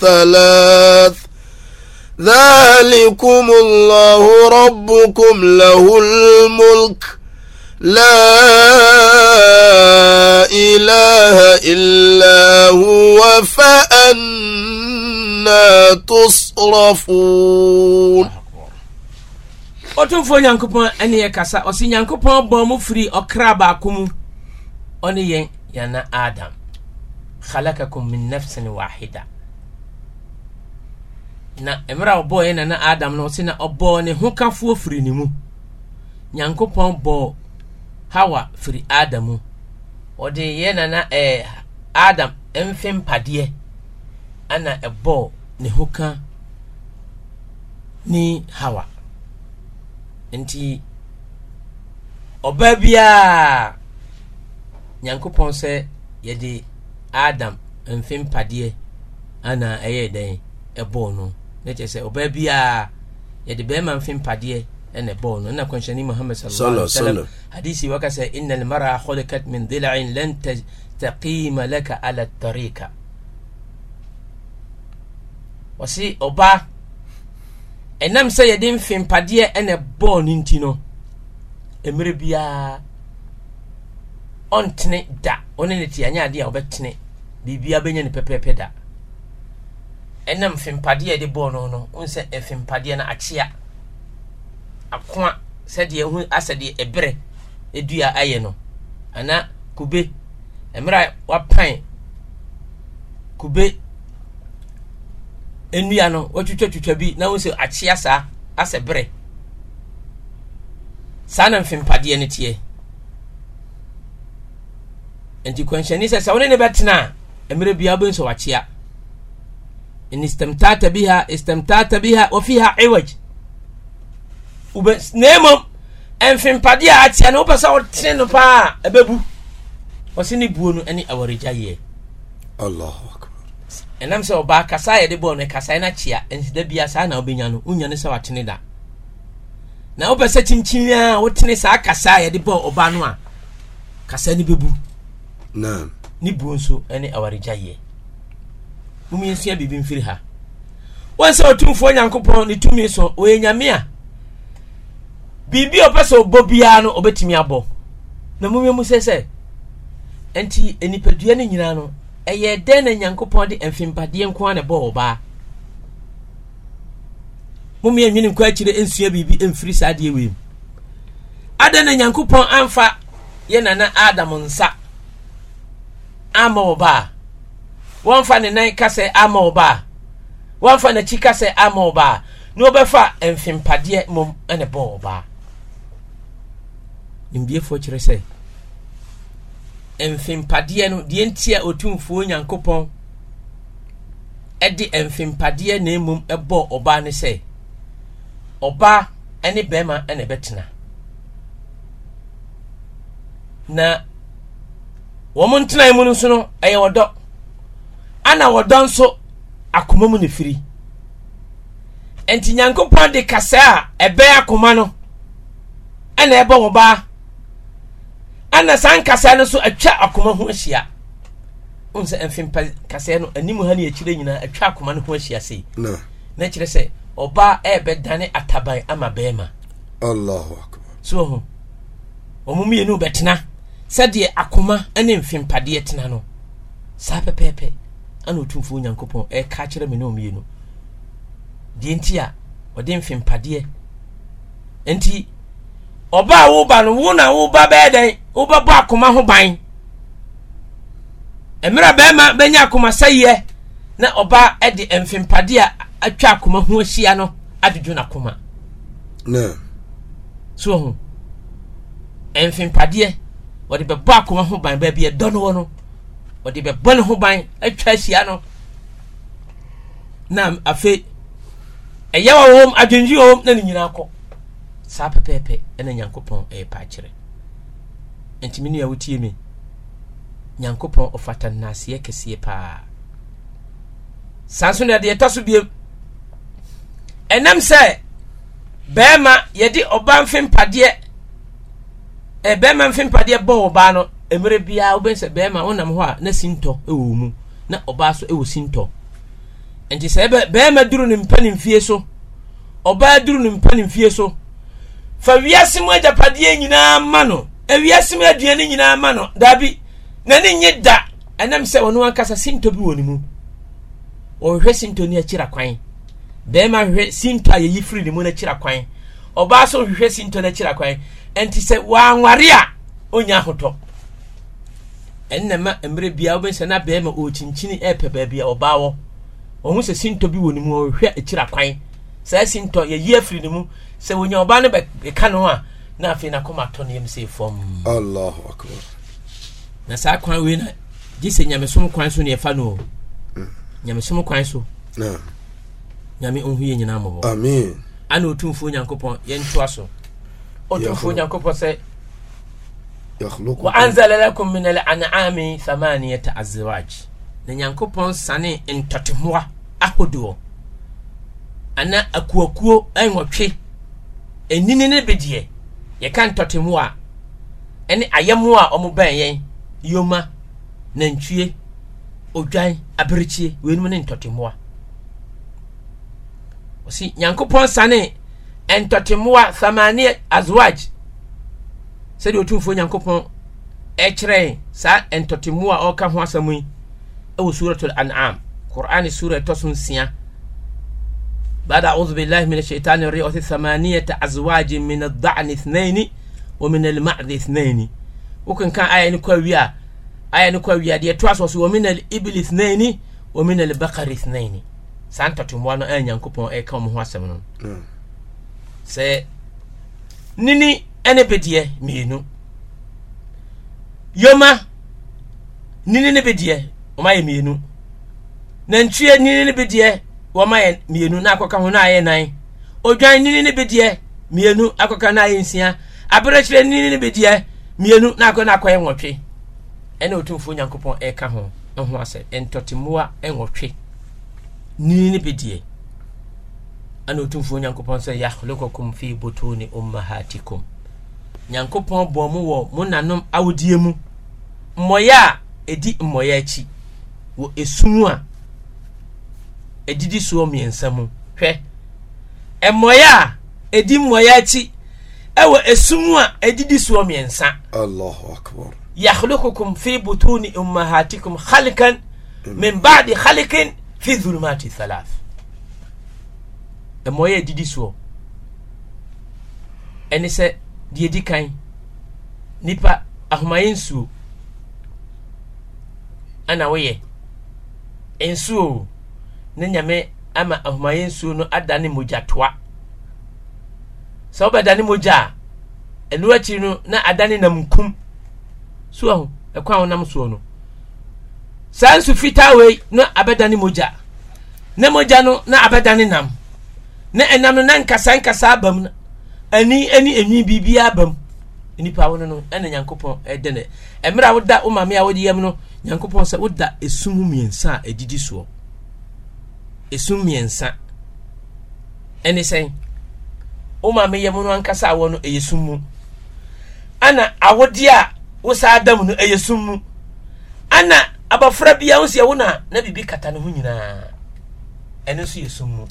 ثلاث ذلكم الله ربكم له الملك لا إله إلا هو فأنا تصرفون ɔtomfoɔ nyankopɔn ɛne yɛ kasa ɔsɛ nyankopɔn bɔn mu firi ɔkra baako mu ɔne yɛn yana adam khalakakum min nafsin wahida na mmerɛ a ɔbɔɔ yɛ nana adam no ɔse na ɔbɔɔ ne ho kafoɔ firi ne mu nyankopɔn bɔɔ hawa firi adam mu ɔde yɛ nana ɛɛ adam mfe mpadeɛ ana ɛbɔɔ ne ho ka ne hawa nti ɔbaa biara nyankopɔn sɛ yɛde adam mfe mpadeɛ ana ɛyɛ dɛn ɛbɔɔ no na kyerɛ sɛ ɔbaa biaa yɛde bɛrima mfe mpadeɛ ɛna bɔɔ no ɛna kwanhyɛne muhammad sallam hadisi waka sɛ inna almara khulikat min dilain lan taqima laka ala tarika ɔse ɔbaa ɛnam sɛ yɛde mfe mpadeɛ ɛna bɔɔ no nti no mmerɛ biaa ɔntene da ɔne ne te anyɛ adeɛ a wɔbɛtene biribia bɛnya ne pɛpɛɛpɛ da ɛnam fimpadeɛ de bɔɔ no no n sɛ fimpadeɛ no akyea akoa sɛdeɛ hu asɛdeɛ ɛberɛ edua ayɛ no ana kube mmerɛ wapan kube nnua no watwitwatwitwa bi na hu sɛ akyea saa asɛ berɛ saa na mfimpadeɛ no teɛ nti kwanhyɛni sɛ sɛ wo ne ne bɛtena a mmerɛ biara wobɛhu wakyea in istamtata biha istamtata biha wa fiha iwaj ube na mmom mfimpadé a atia no wopɛ sɛ wotene no paa ɛbɛbu ɔse ne buo no ne awaregya yɛ ɛnam sɛ ɔbaa kasa yɛde bɔɔ no kasae no akyea ɛnsida bia saa na wobɛnya no wonya no sɛ watene da na wopɛ sɛ kyinkyini a wotene saa kasa yɛde bɔɔ ɔbaa no a kasa no bɛbu ne buo nso ne awaregya yɛ momiɛsua biribi mfiri ha wɔn sɛ ɔtumfoɔ nyankopɔn ne tumi so ɔyɛ nyame a biribi a ɔpɛ sɛ ɔbɔ biara no ɔbɛtumi abɔ na momiɛ mu sɛ sɛ nti nipadua no nyinaa no ɛyɛ dɛn na nyankopɔn de mfimpadeɛ nko a na ɛbɔ ɔbaa momiɛ nwene nkɔ akyire nsua biribi mfiri saa adeɛ wei mu adɛn na nyankopɔn amfa yɛ nana adam nsa ama ɔbaa wɔmfa ne nan kasɛ ama ɔbaa wɔmfa n'akyi kasɛ ama ɔbaa na wɔbɛfa mfimpadeɛ mom ɛne bɔ ɔbaa mbiefoɔ kyerɛ sɛ mfimpadeɛ no deɛ nti a otumfuo nyankopɔn ɛde mfimpadeɛ na emom ɛbɔ ɔbaa ne sɛ ɔbaa ɛne bɛrima ɛna ɛbɛtena na wɔn ntena mu no nso no ɛyɛ ɔdɔ ana wɔdɔ nso akoma mu ne firi nti nyankopɔn de kasaa a ɛbɛn akoma no ɛna ɛbɔ wɔ baa ɛna saa nkasaa no nso atwa akoma ho ahyia ohun sɛ mfimpa kasaa no anim ha ne akyire nyinaa atwa akoma no ho ahyia sei na kyerɛ sɛ ɔbaa ɛɛbɛdane ataban ama bɛrima so ho wɔn mmienu bɛtena sɛdeɛ akoma ne mfimpadeɛ tena no saa pɛpɛɛpɛ ana ɔtumfoɔ onyankopɔn ɛka kyerɛ me ne ɔmmienu deɛ nti a ɔde mfempadeɛ nti ɔba a woba no wo na woba bɛyɛ dɛn wobɛbɔ akoma ho ban mmerɛ bɛrima bɛnya akoma sɛyeɛ na ɔba de mfempadeɛ a atwa akoma ho ahyia no adwodwo n'akoma so ho mfempadeɛ ɔde bɛbɔ akoma ho ban baabi ɛdɔ no wɔ no ɔde bɛbɔ ne ho ban atwa ahyia no na afei ɛyɛ wa wɔm adwendwe wɔm na ne nyinaa kɔ saa pɛpɛɛpɛ ɛna nyankopɔn ɛyɛ paakyerɛ ntumi nua wotie mi nyankopɔn ɔfata nnaseɛ kɛseɛ paa saa nso na deɛ ɛtɔ so biem ɛnam sɛ bɛrima yɛde ɔbaa mfe mpadeɛ ɛɛ mfe mpadeɛ bɔ ɔbaa no mmerɛ biara wobɛn sɛ bɛrima wonam hɔ a na sintɔ wɔ mu na ɔbaa so wɔ sintɔ nti sɛ bɛrima duru ne mpa ne mfie so ɔbaa duru ne mpa ne mfie so fa wiase mu agyapadeɛ nyinaa ma no ewiase mu aduane nyinaa ma no daabi na ne nye da ɛnam sɛ ɔno ankasa sintɔ bi wɔ ne mu ɔhwɛ sintɔ ne akyira kwan bɛrima hwɛ sintɔ a yɛyi firi ne mu no akyira kwan ɔbaa so hwehwɛ sintɔ no akyira kwan ɛnti sɛ wɔanware a ɔnya ahotɔ ɛnna ma mmerɛ bia wobɛsɛ na bɛrima ɔkyinkyini ɛpɛ baabi a ɔbaa wɔ ɔho sɛ sintɔ bi wɔ ne mu ɔhwɛ akyira kwan saa sintɔ yɛyi afiri ne mu sɛ wonya ɔbaa no bɛka no a na afei nakɔma atɔ no yam sɛ fam na saa kwan wei na gye sɛ nyamesom kwan so ne ɛfa no o mm. nyamesom kwan so nyame ɔhu yɛ nyinaa mmɔbɔ ana ɔtumfuo nyankopɔn yɛntoa so ɔtumfuo nyankopɔn sɛ yakhluqu wa anzala lakum min al-an'ami thamaniyata azwaj na nyankopɔn sane ntɔtemmoa ahodoɔ ana akuakuo ɛnwɔtwe ɛnini ne bedeɛ yɛka ntɔtemmoa ɛne ayɛmmoa a ɔmo bɛn yɛn yoma nantwie odwan abirekyie weinom ne ntɔtemmoa ɔsi nyankopɔn sane ntɔtemmoa thamaniya azwaj sɛdeɛ ɔtumfoɔ nyankopɔn ɛkyerɛ saa ɛntɔtemu a ɔka ho asɛm yi ɛwɔ suratul an'am qur'an sura ɛtɔ so nsia بعد أعوذ بالله من الشيطان الرجيم ثمانية أزواج من الضأن اثنين ومن المعد اثنين وكن كان آية نكوية آية نكوية دي تواس ومن الإبل اثنين ومن البقر اثنين سانتا تموانا أين ينكبون أي كوم هو سمنون سي نيني ɛne bedeɛ mmienu yoma nini ne bedeɛ wɔma yɛ mmienu nantwie nini ne bedeɛ wɔma yɛ mmienu na akɔka ho na ayɛ nan odwan nini ne bedeɛ mmienu akɔka na ayɛ nsia aberɛkyerɛ nini ne bedeɛ mmienu na akɔ na akɔyɛ nwɔtwe ɛna otumfuo nyankopɔn ɛka ho ɛho asɛ ntɔtemmoa nwɔtwe nini ne bedeɛ ɛna otumfuo nyankopɔn sɛ yakhlukukum fi butuni ummahatikum nyankopɔn bɔ mu wɔ mo nanom awodie mu mmɔyɛ a ɛdi mmɔyɛ akyi wɔ esum a ɛdidi soɔ mmiɛnsa mu hwɛ mmɔyɛ a ɛdi mmɔyɛ akyi ɛwɔ esum a ɛdidi soɔ mmiɛnsa allahu akbar yakhluqukum fi butuni ummahatikum khalqan min ba'di khalqin fi dhulumati thalath mmɔyɛ ɛdidi soɔ ɛne sɛ deɛ di kan nipa ahomayɛ nsuo ana woyɛ nsuo ne nyame ama ahomayɛ nsuo no adane mogya toa sɛ wobɛdane mogya a ɛno akyiri no na adane nam nkum so aho ɛkwan wo nam soɔ no saa nsu fitaa wei na abɛdane mogya na mogya no na abɛdane nam na ɛnam no na nkasa nkasa aba mu no ɛni ɛni enyi biribi abam nipa wo no no ɛna nyankopɔn ɛde ne ɛmira a woda wo maame a wodi yam no nyankopɔn sɛ woda esum mmiɛnsa a edidi soɔ esum mmiɛnsa ɛne sɛn wo maame yam no ankasa awɔ no ɛyɛ sum mu ɛna awodi a wosa adam no ɛyɛ sum mu ɛna abɔfra bi a wosi ɛwo na na bibi kata ne ho nyinaa ɛno nso yɛ sum mu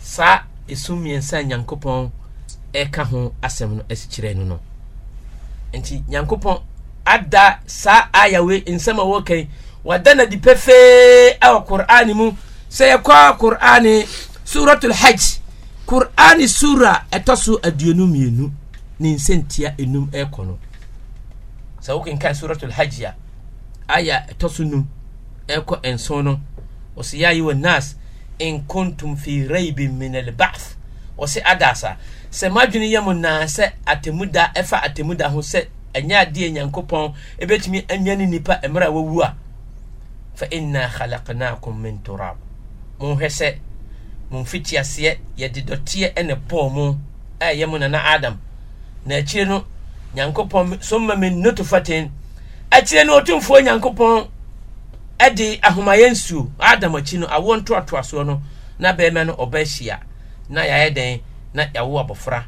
saa esum mmiɛnsa nyankopɔn ɛka ho asɛm no asikyerɛ no no nti nyankopɔn ada saa ayawe nsɛm a wɔka wada na di pɛfɛɛ ɛwɔ qur'ane mu sɛ yɛkɔ qur'ane suratul hajj qur'ane sura ɛtɔ so aduonu mmienu ne nsɛntia enum ɛkɔ no sɛ wokenkan suratul hajj a aya ɛtɔ so num ɛkɔ nson no wɔsɛ yɛ ayi wɔ nas in kuntum fi raibin min al-ba'th wɔsɛ adasa sɛ madwene yɛ mu naa sɛ atemuda ɛfa atemuda ho sɛ ɛnyɛ adeɛ nyankopɔn ɛbɛtumi anya ne nipa mmerɛ a wawu a fa inna khalaqnakum min turab monhwɛ sɛ momfitiaseɛ yɛde dɔteɛ ɛne pɔɔ mu a ɛyɛ mu nana adam na akyire no nyankopɔn somma min nutufatin akyire no ɔtumfoɔ nyankopɔn ɛde ahomayɛ nsuo adam akyi no awoɔ ntoatoasoɔ no na bɛrima no ɔbɛhyia na yɛayɛ dɛn na ɛwo abɔfra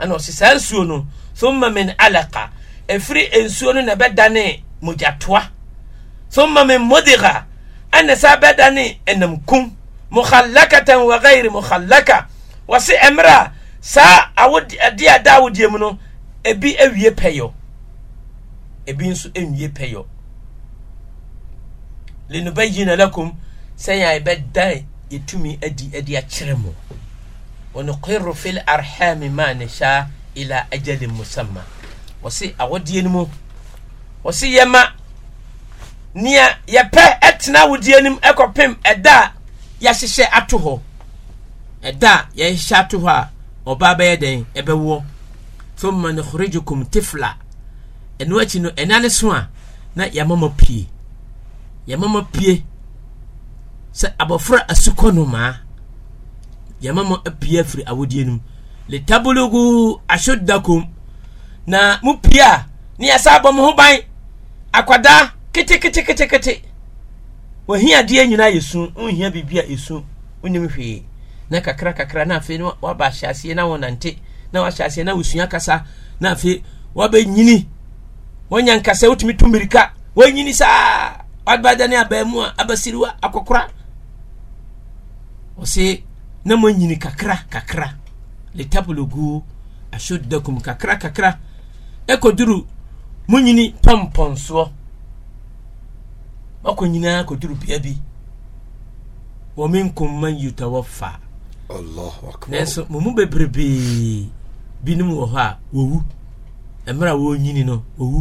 ɛna ɔsi saa nsuo no thumma min alaka efiri nsuo no na ɛbɛdane mogyatoa thumma min modiga ɛna saa bɛdane ɛnam kum mukhallakatan wa ghayri wɔsi ɛmira a saa awodeɛ ada awodeɛ mu no ebi ewie pɛyɔ ebi nso enwie pɛyɔ lenubayi na lakum sɛ yɛn a yɛbɛdan yɛtumi adi adi akyerɛ mu. ونقر في الأرحام ما نشاء إلى أجل مسمى وسي أودي نمو وسي يما نيا يبه أتنا ودي نم أكو بيم أدا يشيشي أتوه أدا يشيشي أتوه أبابا يدين أبوه ثم نخرجكم طفلا ɛno akyi no ɛna ne so a na yɛmama pie yɛmama pie sɛ abɔfra asukɔ no maa yɛma mo apue afiri awodie no mu litabulugu ashuddakum na mu pie a ne yɛsa abɔ mo ho ban akwadaa keteketekete wahia adeɛ nyinaa yɛ su wohia biribi a ɛsu wonim hwee na kakra kakra na afei waba ahyɛ aseɛ na wonante na wahyɛ aseɛ na wosua kasa na afei wabɛnyini wanya nkasa wotumi to mmirika wanyini saa wabada ne abaa mu a abasiriwa akɔkora ɔse na manyini kakra kakra litapulugu ashuddakum kakra kakra ɛkɔduru munyini pɔmpɔnsoɔ ɔkɔ nyinaa kɔduru bea bi wɔ minkum man yutawaffa nanso mo mu bebrebee binom wɔ hɔ a wɔwu mmerɛ a wɔnyini no wɔwu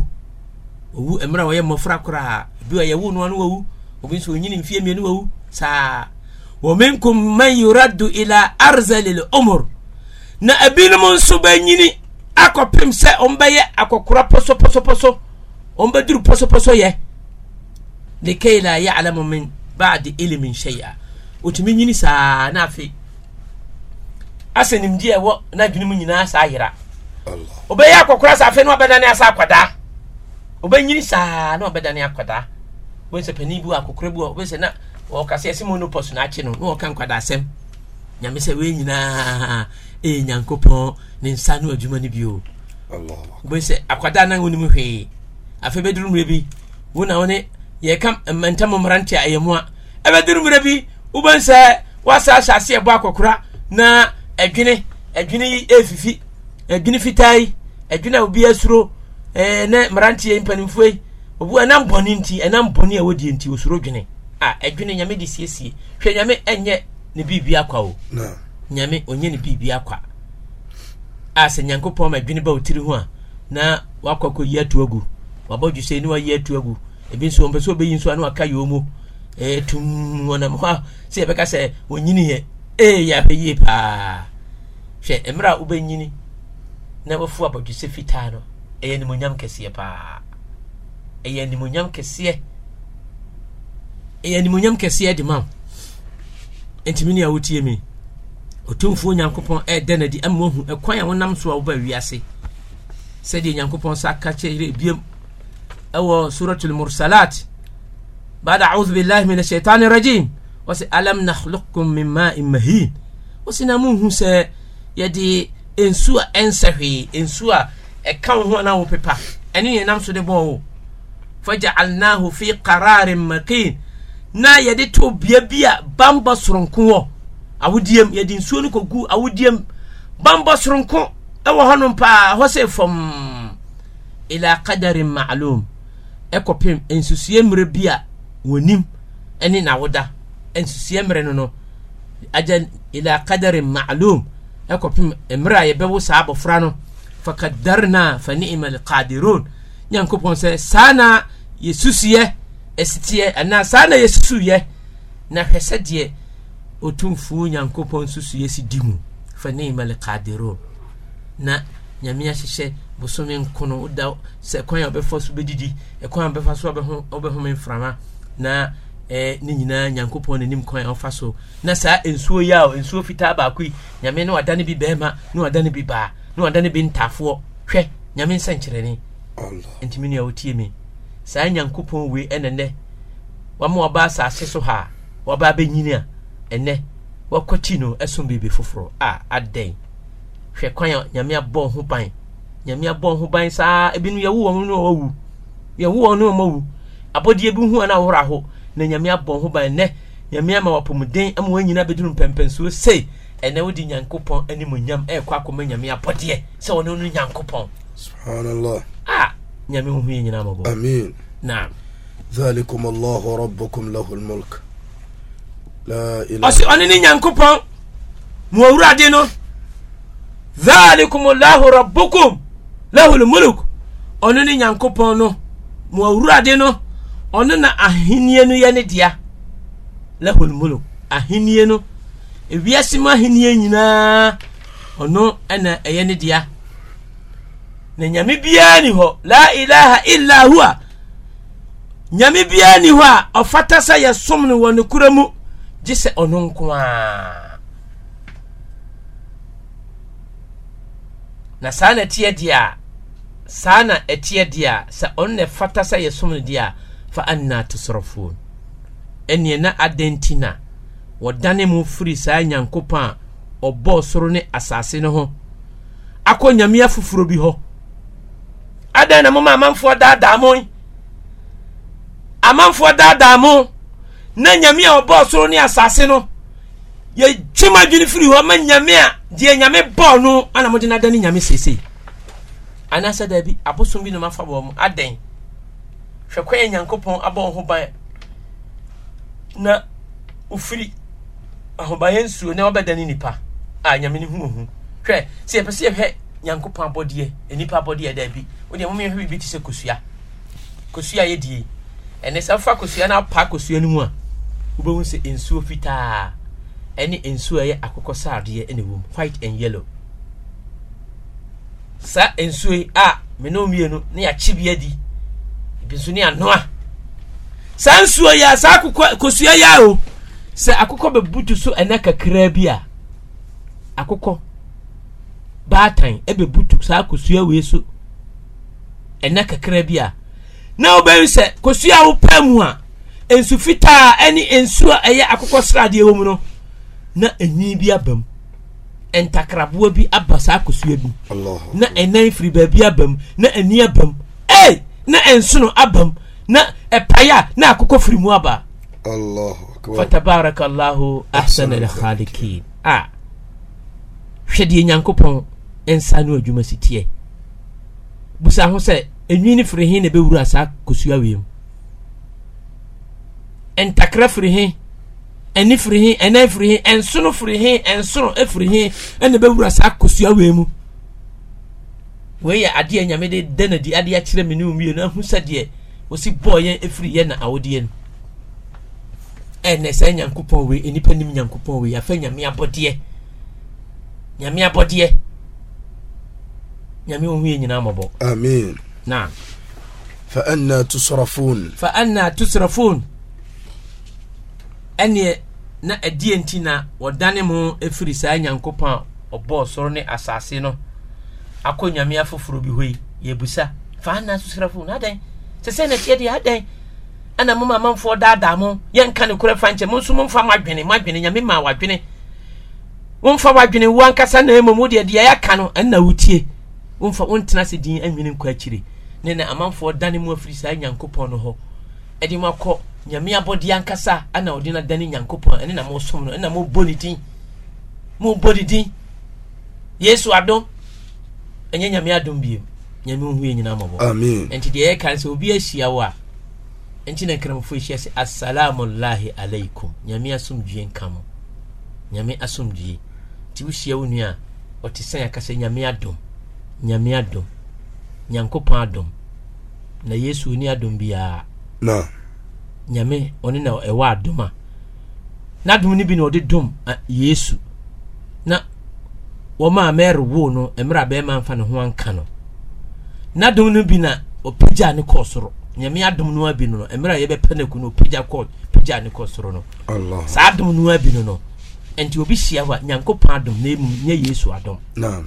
wɔwu mmerɛ a wɔyɛ mmɔfra koraa bi a yɛwo noa no wɔwu obi nso ɔnyini mfie mmienu wɔwu saa wa minkum man yuraddu ila arzalil umur na ebinom nso bɛnyini akɔpem sɛ ɔmbɛyɛ akɔkora pɔsɔpɔsɔpɔsɔ ɔmbɛduru pɔsɔpɔsɔ yɛ likay la ya'lamu min ba'di ilmin shay'a otumi nyini saa na afei asɛ nimdeɛ ɛwɔ n'adwene mu nyinaa saa yera ɔbɛyɛ akɔkora saa afei na ɔbɛdane asa akwadaa ɔbɛnyini saa na ɔbɛdane akwadaa wɔn sɛ panin bi wɔ akɔkora bi wɔ wɔn sɛ na wɔkasa yɛsi monopɔs no akye no na wɔka nkwadasɛm nyame sɛ wei nyinaa ɛyɛ nyankopɔn ne nsa no adwuma no bio wobɛhu sɛ akwadaa na wonim hwee afei bɛduru mmerɛ bi wo na wo ne yɛka mmantam mmerante a ɛyɛ mmoa ɛbɛduru mmerɛ bi wobɛhu sɛ woasa ahyɛ ɛbɔ akɔkora na adwene adwene yi ɛfifi adwene fitaa yi adwene a obi asuro ɛɛ ne mmeranteɛ mpanimfoɔ yi obi ɛnam bɔne nti ɛnam bɔne a wɔdie nti wɔsuro dwene a adwene nyame de siesie hwɛ nyame ɛnyɛ ne biribi akwa o nyame ɔnyɛ ne biribi kwa a sɛ nyankopɔn ma adwene ba wo tiri ho a na wakɔ akɔ yi ato agu wabɔ dwu sɛ ne wayi ato agu ebi nso ɔmpɛ sɛ ɔbɛyi nso a ne waka yɛ mu tum ɔnam hɔ a sɛ yɛbɛka sɛ ɔnyiniɛ ee yɛ abɛyie paa hwɛ mmerɛ a wobɛnyini na wafu abɔdwesɛ fitaa no ɛyɛ nimonyam kɛseɛ paa ɛyɛ nimonyam kɛseɛ ɛyɛ animonyam kɛseɛ de ma wo ɛntimi ne a wotie me ɔtumfuo nyankopɔn ɛɛdɛ no adi ama wahu ɛkwan a wonam so a woba wiase sɛdeɛ nyankopɔn sa ka kyerɛ biam ɛwɔ suratul mursalat بعد أعوذ بالله من الشيطان الرجيم وسي ألم نخلقكم من ماء مهين وسي نموه سي يدي إنسوا إنسحي إنسوا أكاو هو ناو بيبا أني ينام سودي بوه فجعلناه في قرار مكين na yɛde to bea bi a bambɔ soronko wɔ awodiem yɛde nsuo no kɔgu awodiem bambɔ soronko ɛwɔ hɔnom paa hɔ sɛ fam ila qadarin ma'lum ɛkɔpem nsusuɛ mmerɛ bi a wɔnim ɛne nawoda nsusuɛ mmerɛ no no agya ila qadarin ma'lum ɛkɔpem mmerɛ a yɛbɛwo saa abɔfra no fakaddarna fa ni'ma alqadirun nyankopɔn sɛ saa na yɛsusuɛ ɛsiteɛ anaa saa na yɛsusuyɛ na hwɛ sɛ deɛ ɔtumfuo nyankopɔn susuyɛ si di mu fa neima lekadirun na nyame ahyehyɛ bosome nkono woda sɛ kwan a wobɛfa so bɛdidi ɛkwan a wobɛfa so wobɛhome mframa na eh, ne nyinaa nyankopɔn nanim kwan a wofa so na saa nsuo yi a nsuo fitaa baako yi nyame ne wada ne bi bɛrima ne wada ne bi baa ne wada ne bi ntaafoɔ hwɛ nyame nsɛnkyerɛne ntimi nua wotie me saa nyankopɔn wei ɛne nɛ wama waba asase so ha waba bɛnyini a ɛnɛ wakɔkyi no ɛsom biribi foforɔ a adɛn hwɛ kwan a nyame abɔ ho ban nyame abɔ ho ban saa ebinom yɛwo wɔn no wɔwu yɛwo wɔn no wɔwu abɔdeɛ bi hu ana ahoro aho na nyame abɔ ho ban nɛ nyame ama wapɔmuden ama wɔn nyinaa bɛduru mpɛmpɛnsuo sei ɛnɛ wodi nyankopɔn animonyam ɛɛkɔ akɔma nyame abɔdeɛ sɛ wɔne no nyankopɔn subhanallah ah nyame ho hwie nyina mɔbɔ amin naam ذلكم الله ربكم له الملك لا اله الا الله ne nyankopɔn mu awurade no ذلكم الله ربكم له الملك ɔno ne nyankopɔn no mu awurade no ɔno na ahenniɛ no yɛ ne dea له الملك ahenniɛ no ewiase mu ahenniɛ nyinaa ɔno ɛna ɛyɛ ne dea na nyame biara ni hɔ la ilaha illa huwa nyame biara ni hɔ a ɔfata sɛ yɛsom no wɔ ne kura mu gye sɛ ɔno nko a na saa na ɛteɛ deɛ a saa na ɛteɛ deɛ a sɛ ɔno na ɛfata sɛ yɛsom no deɛ a fa anna tosorofoɔ ɛneɛ na adɛn nti na wɔdane mu firi saa nyankopɔn a ɔbɔɔ soro ne asase no ho akɔ nyame afoforo bi hɔ adɛn na moma amanfoɔ daadaa mo amanfoɔ daadaa mo na nyame a ɔbɔɔ soro ne asase no yɛtwem adwene firi hɔ ma nyame a deɛ nyame bɔɔ no ana mode no adane nyame seesei anaasɛ daabi abosom bi nomafa bɔ mu adɛn hwɛ kwan nyankopɔn abɔ ho ban na ofiri ahobayɛ nsuo na wɔbɛdane nipa a nyame no hu ohu hwɛ sɛ yɛpɛ sɛ yɛhwɛ nyankopɔn abɔdeɛ nipa abɔdeɛ da bi wodeɛ moma yɛhwɛ biribi te sɛ kosua kosua yɛ die ɛnɛ sɛ wofa kosua no apa kosua no mu a wobɛhu sɛ nsuo fitaa ɛne nsuo ɛyɛ akokɔ sradeɛ ɛna ɛwɔ white and yellow saa nsuo yi a mene mmienu ne yɛakye bi adi ebi nso ne anoa saa nsuo yi a saa akokɔ kosua yi a o sɛ akokɔ bɛbutu so ɛnɛ kakraa bi a akokɔ baatan ɛbɛbutu saa kosua wei so ɛnɛ kakra bi a na wobɛhu sɛ kosua a wopɛ mu a nsu fitaa ɛne nsu ɛyɛ akokɔ sradeɛ wɔ mu no na ɛnyin bi aba mu ntakraboa bi aba saa kosua bi na ɛnan firi baabi aba mu na ani aba mu ee na nsono aba mu na ɛpaya na akokɔ firi mu aba fatabaraka allahu ahsana alkhalikin a hwɛ deɛ nyankopɔn nsa no adwuma si teɛ busa ho sɛ enwi ne firi he na ɛbɛwura saa kosua wiem ntakra firi he ɛne firi he ɛnan firi he ɛnsono firi he ɛnsono efiri he ɛna ɛbɛwura saa kosua wiem mu wei yɛ adeɛ nyame de da na di adeɛ akyerɛ me ne mmienu ahu sɛ deɛ wɔsi bɔɔ yɛn efiri yɛn na awodeɛ no ɛnna sɛ nyankopɔn wei enipa nim nyankopɔn wei afɛ nyame abɔdeɛ nyame abɔdeɛ nyame wo wie nyinaa mmɔbɔ amin na fa anna tusrafun fa anna tusrafun ɛneɛ na ɛdeɛ nti na wɔdane mo ɛfiri saa nyankopɔn a ɔbɔɔ soro ne asase no akɔ nyame afoforɔ bi hɔ yi yɛbusa fa anna tusrafun adɛn sɛ sɛ na tiɛ deɛ adɛn ɛna mo ma manfoɔ daadaa mo yɛnka ne korɛ fa nkyɛ mo nso momfa mo adwene mo adwene nyame ma wadwene womfa wadwene wo ankasa na mmom wo deɛ yɛaka no ɛnna wotie womfa wontena se din anwene nkɔ akyire ne na amanfoɔ dane mu afiri saa nyankopɔn no hɔ ɛde mu akɔ nyame abɔdeɛ ankasa ana ɔde no adane nyankopɔn ɛne na mosom no ɛna mobɔ ne din mobɔ ne din yesu adom ɛnyɛ nyame adom bio nyame ohue nyina mmɔbɔ ɛnti deɛ yɛka sɛ obi ahyia wo a ɛnti na nkramfoɔ ahyia sɛ assalamulahi alaikum nyame asomdwie nka mo nyame asomdwie nti wohyia wo nua a ɔte sɛn akasɛ nyame adom nyame adom nyankopɔn adom na yesu ni adom biara na nyame ɔne na ɛwɔ adom a n'adom no bi na ɔde dom yesu na wɔn a mɛri wo no mmerɛ a bɛrima nfa ne ho anka no n'adom no bi na ɔpagya ne kɔɔ soro nyame adom no abi no no mmerɛ a yɛbɛpɛ no ku no ɔpagya kɔɔ pagya ne kɔɔ soro no saa adom no abi no no nti obi hyia hɔ a nyankopɔn adom na emu nyɛ yesu adom. Naam.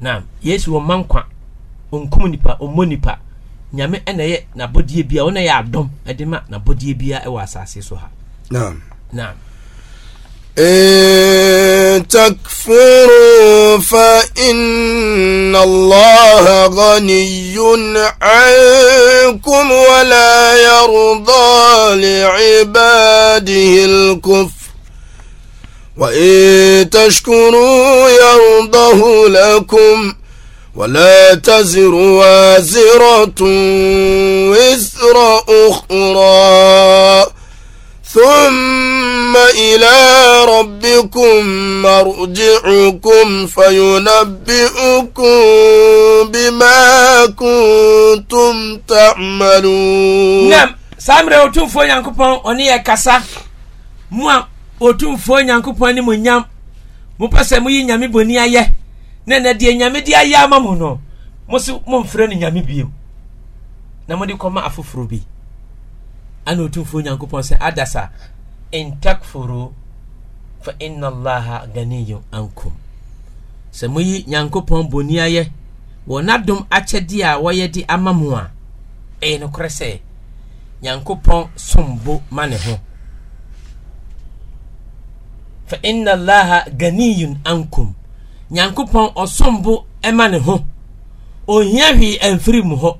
na yesu wɔ ma nkwa onkum nipa ɔmmɔ nipa nyame ɛna yɛ n'abɔdeɛ bia ɔna yɛ adɔm ɛde ma n'abɔdeɛ bia ɛwɔ asase so ha. naam naam. إن تكفروا فإن الله غني عنكم ولا يرضى لعباده الكفر وإن تشكروا يرضه لكم ولا تزر وازرة وزر أخرى ثم إلى ربكم مرجعكم فينبئكم بما كنتم تعملون نعم سامرة وتوفو ينكبون أني موان otumfuo nyankopɔn ne mu nyam mopɛ sɛ moyi nyame bɔni ayɛ na na deɛ nyame de ayɛ ama mo no mo so momfrɛ no nyame bio na mode kɔma afoforɔ bi ana otumfuo nyankopɔn sɛ adasa intakfuru fa inna allaha ganiyun ankum sɛ moyi nyankopɔn bɔni ayɛ wɔ n'adom akyɛdeɛ a wɔyɛ de ama mo a ɛyɛ nokorɛ sɛ nyankopɔn sombo ma ne ho fa inna allaha ganiyun ankum nyankopɔn ɔsombo ɛma ne ho ohia hwee ɛmfiri mu hɔ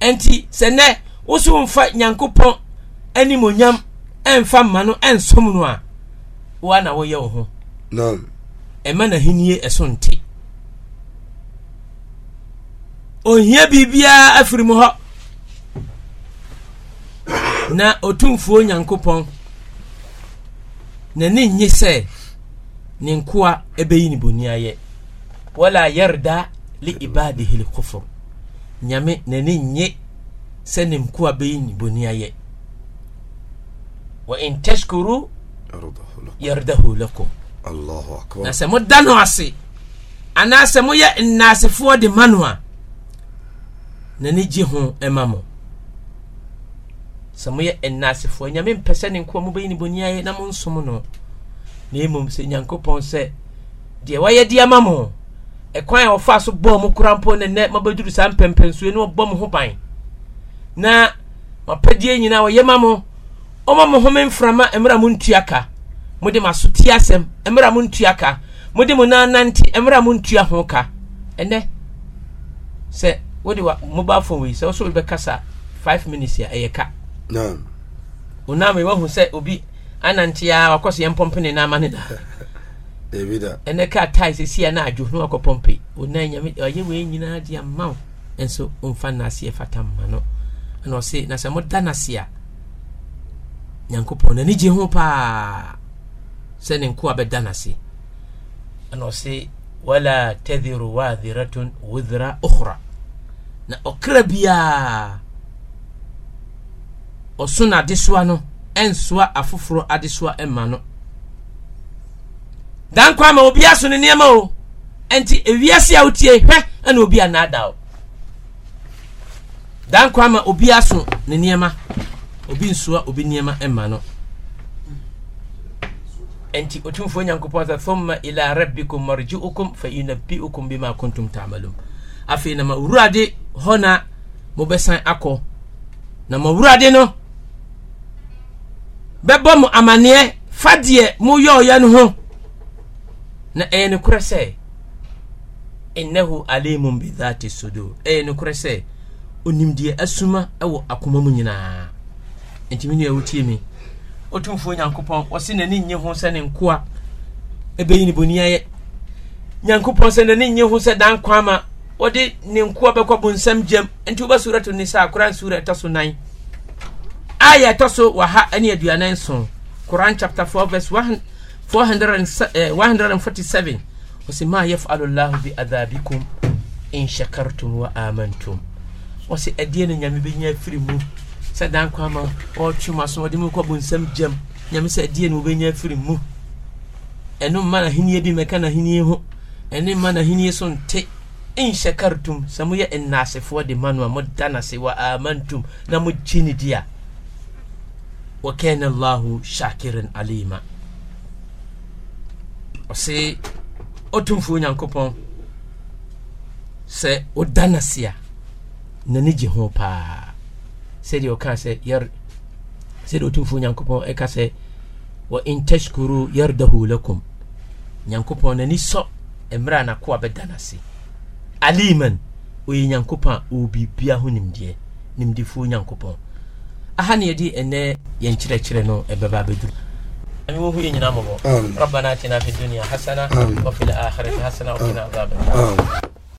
ɛnti sɛ nɛ woso mfa nyankopɔn animonyam ɛmfa mma no ɛnsom no a woa na woyɛ wo ho ɛma n'ahennie ɛso nte ohia biribiara afiri mu hɔ na ɔtumfuo nyankopɔn n'ani nye sɛ ne nkoa ɛbɛyi ne boni ayɛ wala yarda li ibadihi lkufur nyame n'ani nye sɛ ne nkoa bɛyi ne boni ayɛ wa in tashkuru yardahu lakum na sɛ moda no ase anaasɛ moyɛ nnaasefoɔ de ma no a n'ani gye ho ɛma mo sɛ moyɛ ɛnna asefoɔ nyame mpɛ sɛ ne nkoa mobɛyi ne bɔni ayɛ na monsom no na mmom sɛ nyankopɔn sɛ deɛ wayɛ de ama mo ɛkwan a wɔfaa so bɔɔ mo kora mpo ne nnɛ mabɛduru saa mpɛmpɛnsuo ne wɔbɔ mo ho ban na mapɛdeɛ nyinaa wɔyɛ ma mo ɔma mo home mframa mmerɛ mo ntua ka mode mo aso asɛm mmerɛ mo ntua ka mode mo nanante mmerɛ mo ntua ho ka ɛnɛ sɛ wode mobile phone wei sɛ wo so wode bɛkasa 5 minutes a ɛyɛ ka onam wahu sɛ obi anantea a wakɔ so yɛmpɔmpe ne nama ne daa ɛnɛ ka tae sɛsia na adwo no wakɔ pɔmpe wei nyinaa de ama wo nso ɔmfa nnaseɛ fata mma no ɛna ɔse na sɛ moda nase a nyankopɔn n'ani gye ho paa sɛ ne nkoa bɛda nase ɛna ɔse wala tadhiru wadhiratun wudhra ukhra na ɔkra biaa ɔso n'adesoa no ɛnsoa afoforɔ adesoa ɛma no dan kwan ma obi aso ne nneɛma o ɛnti ewiase a wotie hwɛ ɛna obi anaada o dan kwan ma obi aso ne nneɛma obi nsoa obi nneɛma ɛma no ɛnti otumfoɔ nyankopɔn sɛ thumma ila rabbikum marji'ukum fa yunabbi'ukum bima kuntum ta'malun afei na ma wurade hɔ na mobɛsan akɔ na ma wurade no bɛbɔ mo amanneɛ fa deɛ moyɛ ɔyɛ no ho na ɛyɛ nokorɛ sɛ innahu alimun bidhati sudur ɛyɛ nokorɛ sɛ onim asuma ɛwɔ akoma mu nyinaa ntumi nua wotie mi otumfuo nyankopɔn ɔse n'ani nye ho sɛ ne nkoa ɛbɛyi ne boni nyankopɔn sɛ n'ani nye ho sɛ dan kwan ma wɔde ne nkoa bɛkɔ bonsam gyam nti wobɛ suratu nisa koran sura ɛtɔ so nan aya ɛtɔ so waha ne aduanan nson quran chapter 4 verse 147 eh, ɔsi ma yafalu llahu bi adabikum in shakartum wa amantum wɔsi ɛdeɛ no nyame bɛnya afiri mu sɛ dan kwan ma ɔretwe mu aso ɔde mu kɔ bonsam gyam nyame sɛ ɛdeɛ no wobɛnya afiri mu ɛno mma nahenniɛ bi mɛka nahenniɛ ho ɛne mma nahenniɛ so nte in shakartum sɛ moyɛ nnaasefoɔ de ma no a moda nase wa amantum na mogye ne di a wa kana llahu shakirin alima ɔse ɔtumfuo nyankopɔn sɛ woda no a nani gye ho paa sɛdeɛ ɔka sɛ sɛdeɛ ɔtumfuo nyankopɔn ɛka sɛ wa in tashkuru yardahu lakum nyankopɔn n'ani sɔ mmerɛ a nakoa bɛda aliman ɔyɛ nyankopɔn a ɔwɔ ho nimdeɛ nimdefoɔ nyankopɔn aha ne yɛde ɛnɛ yɛn kyerɛkyerɛ no ɛbɛba abɛduru نوه ينجنا مبو ربنا اتنا في الدنيا حسنه وفي الاخره حسنه وقنا عذاب النار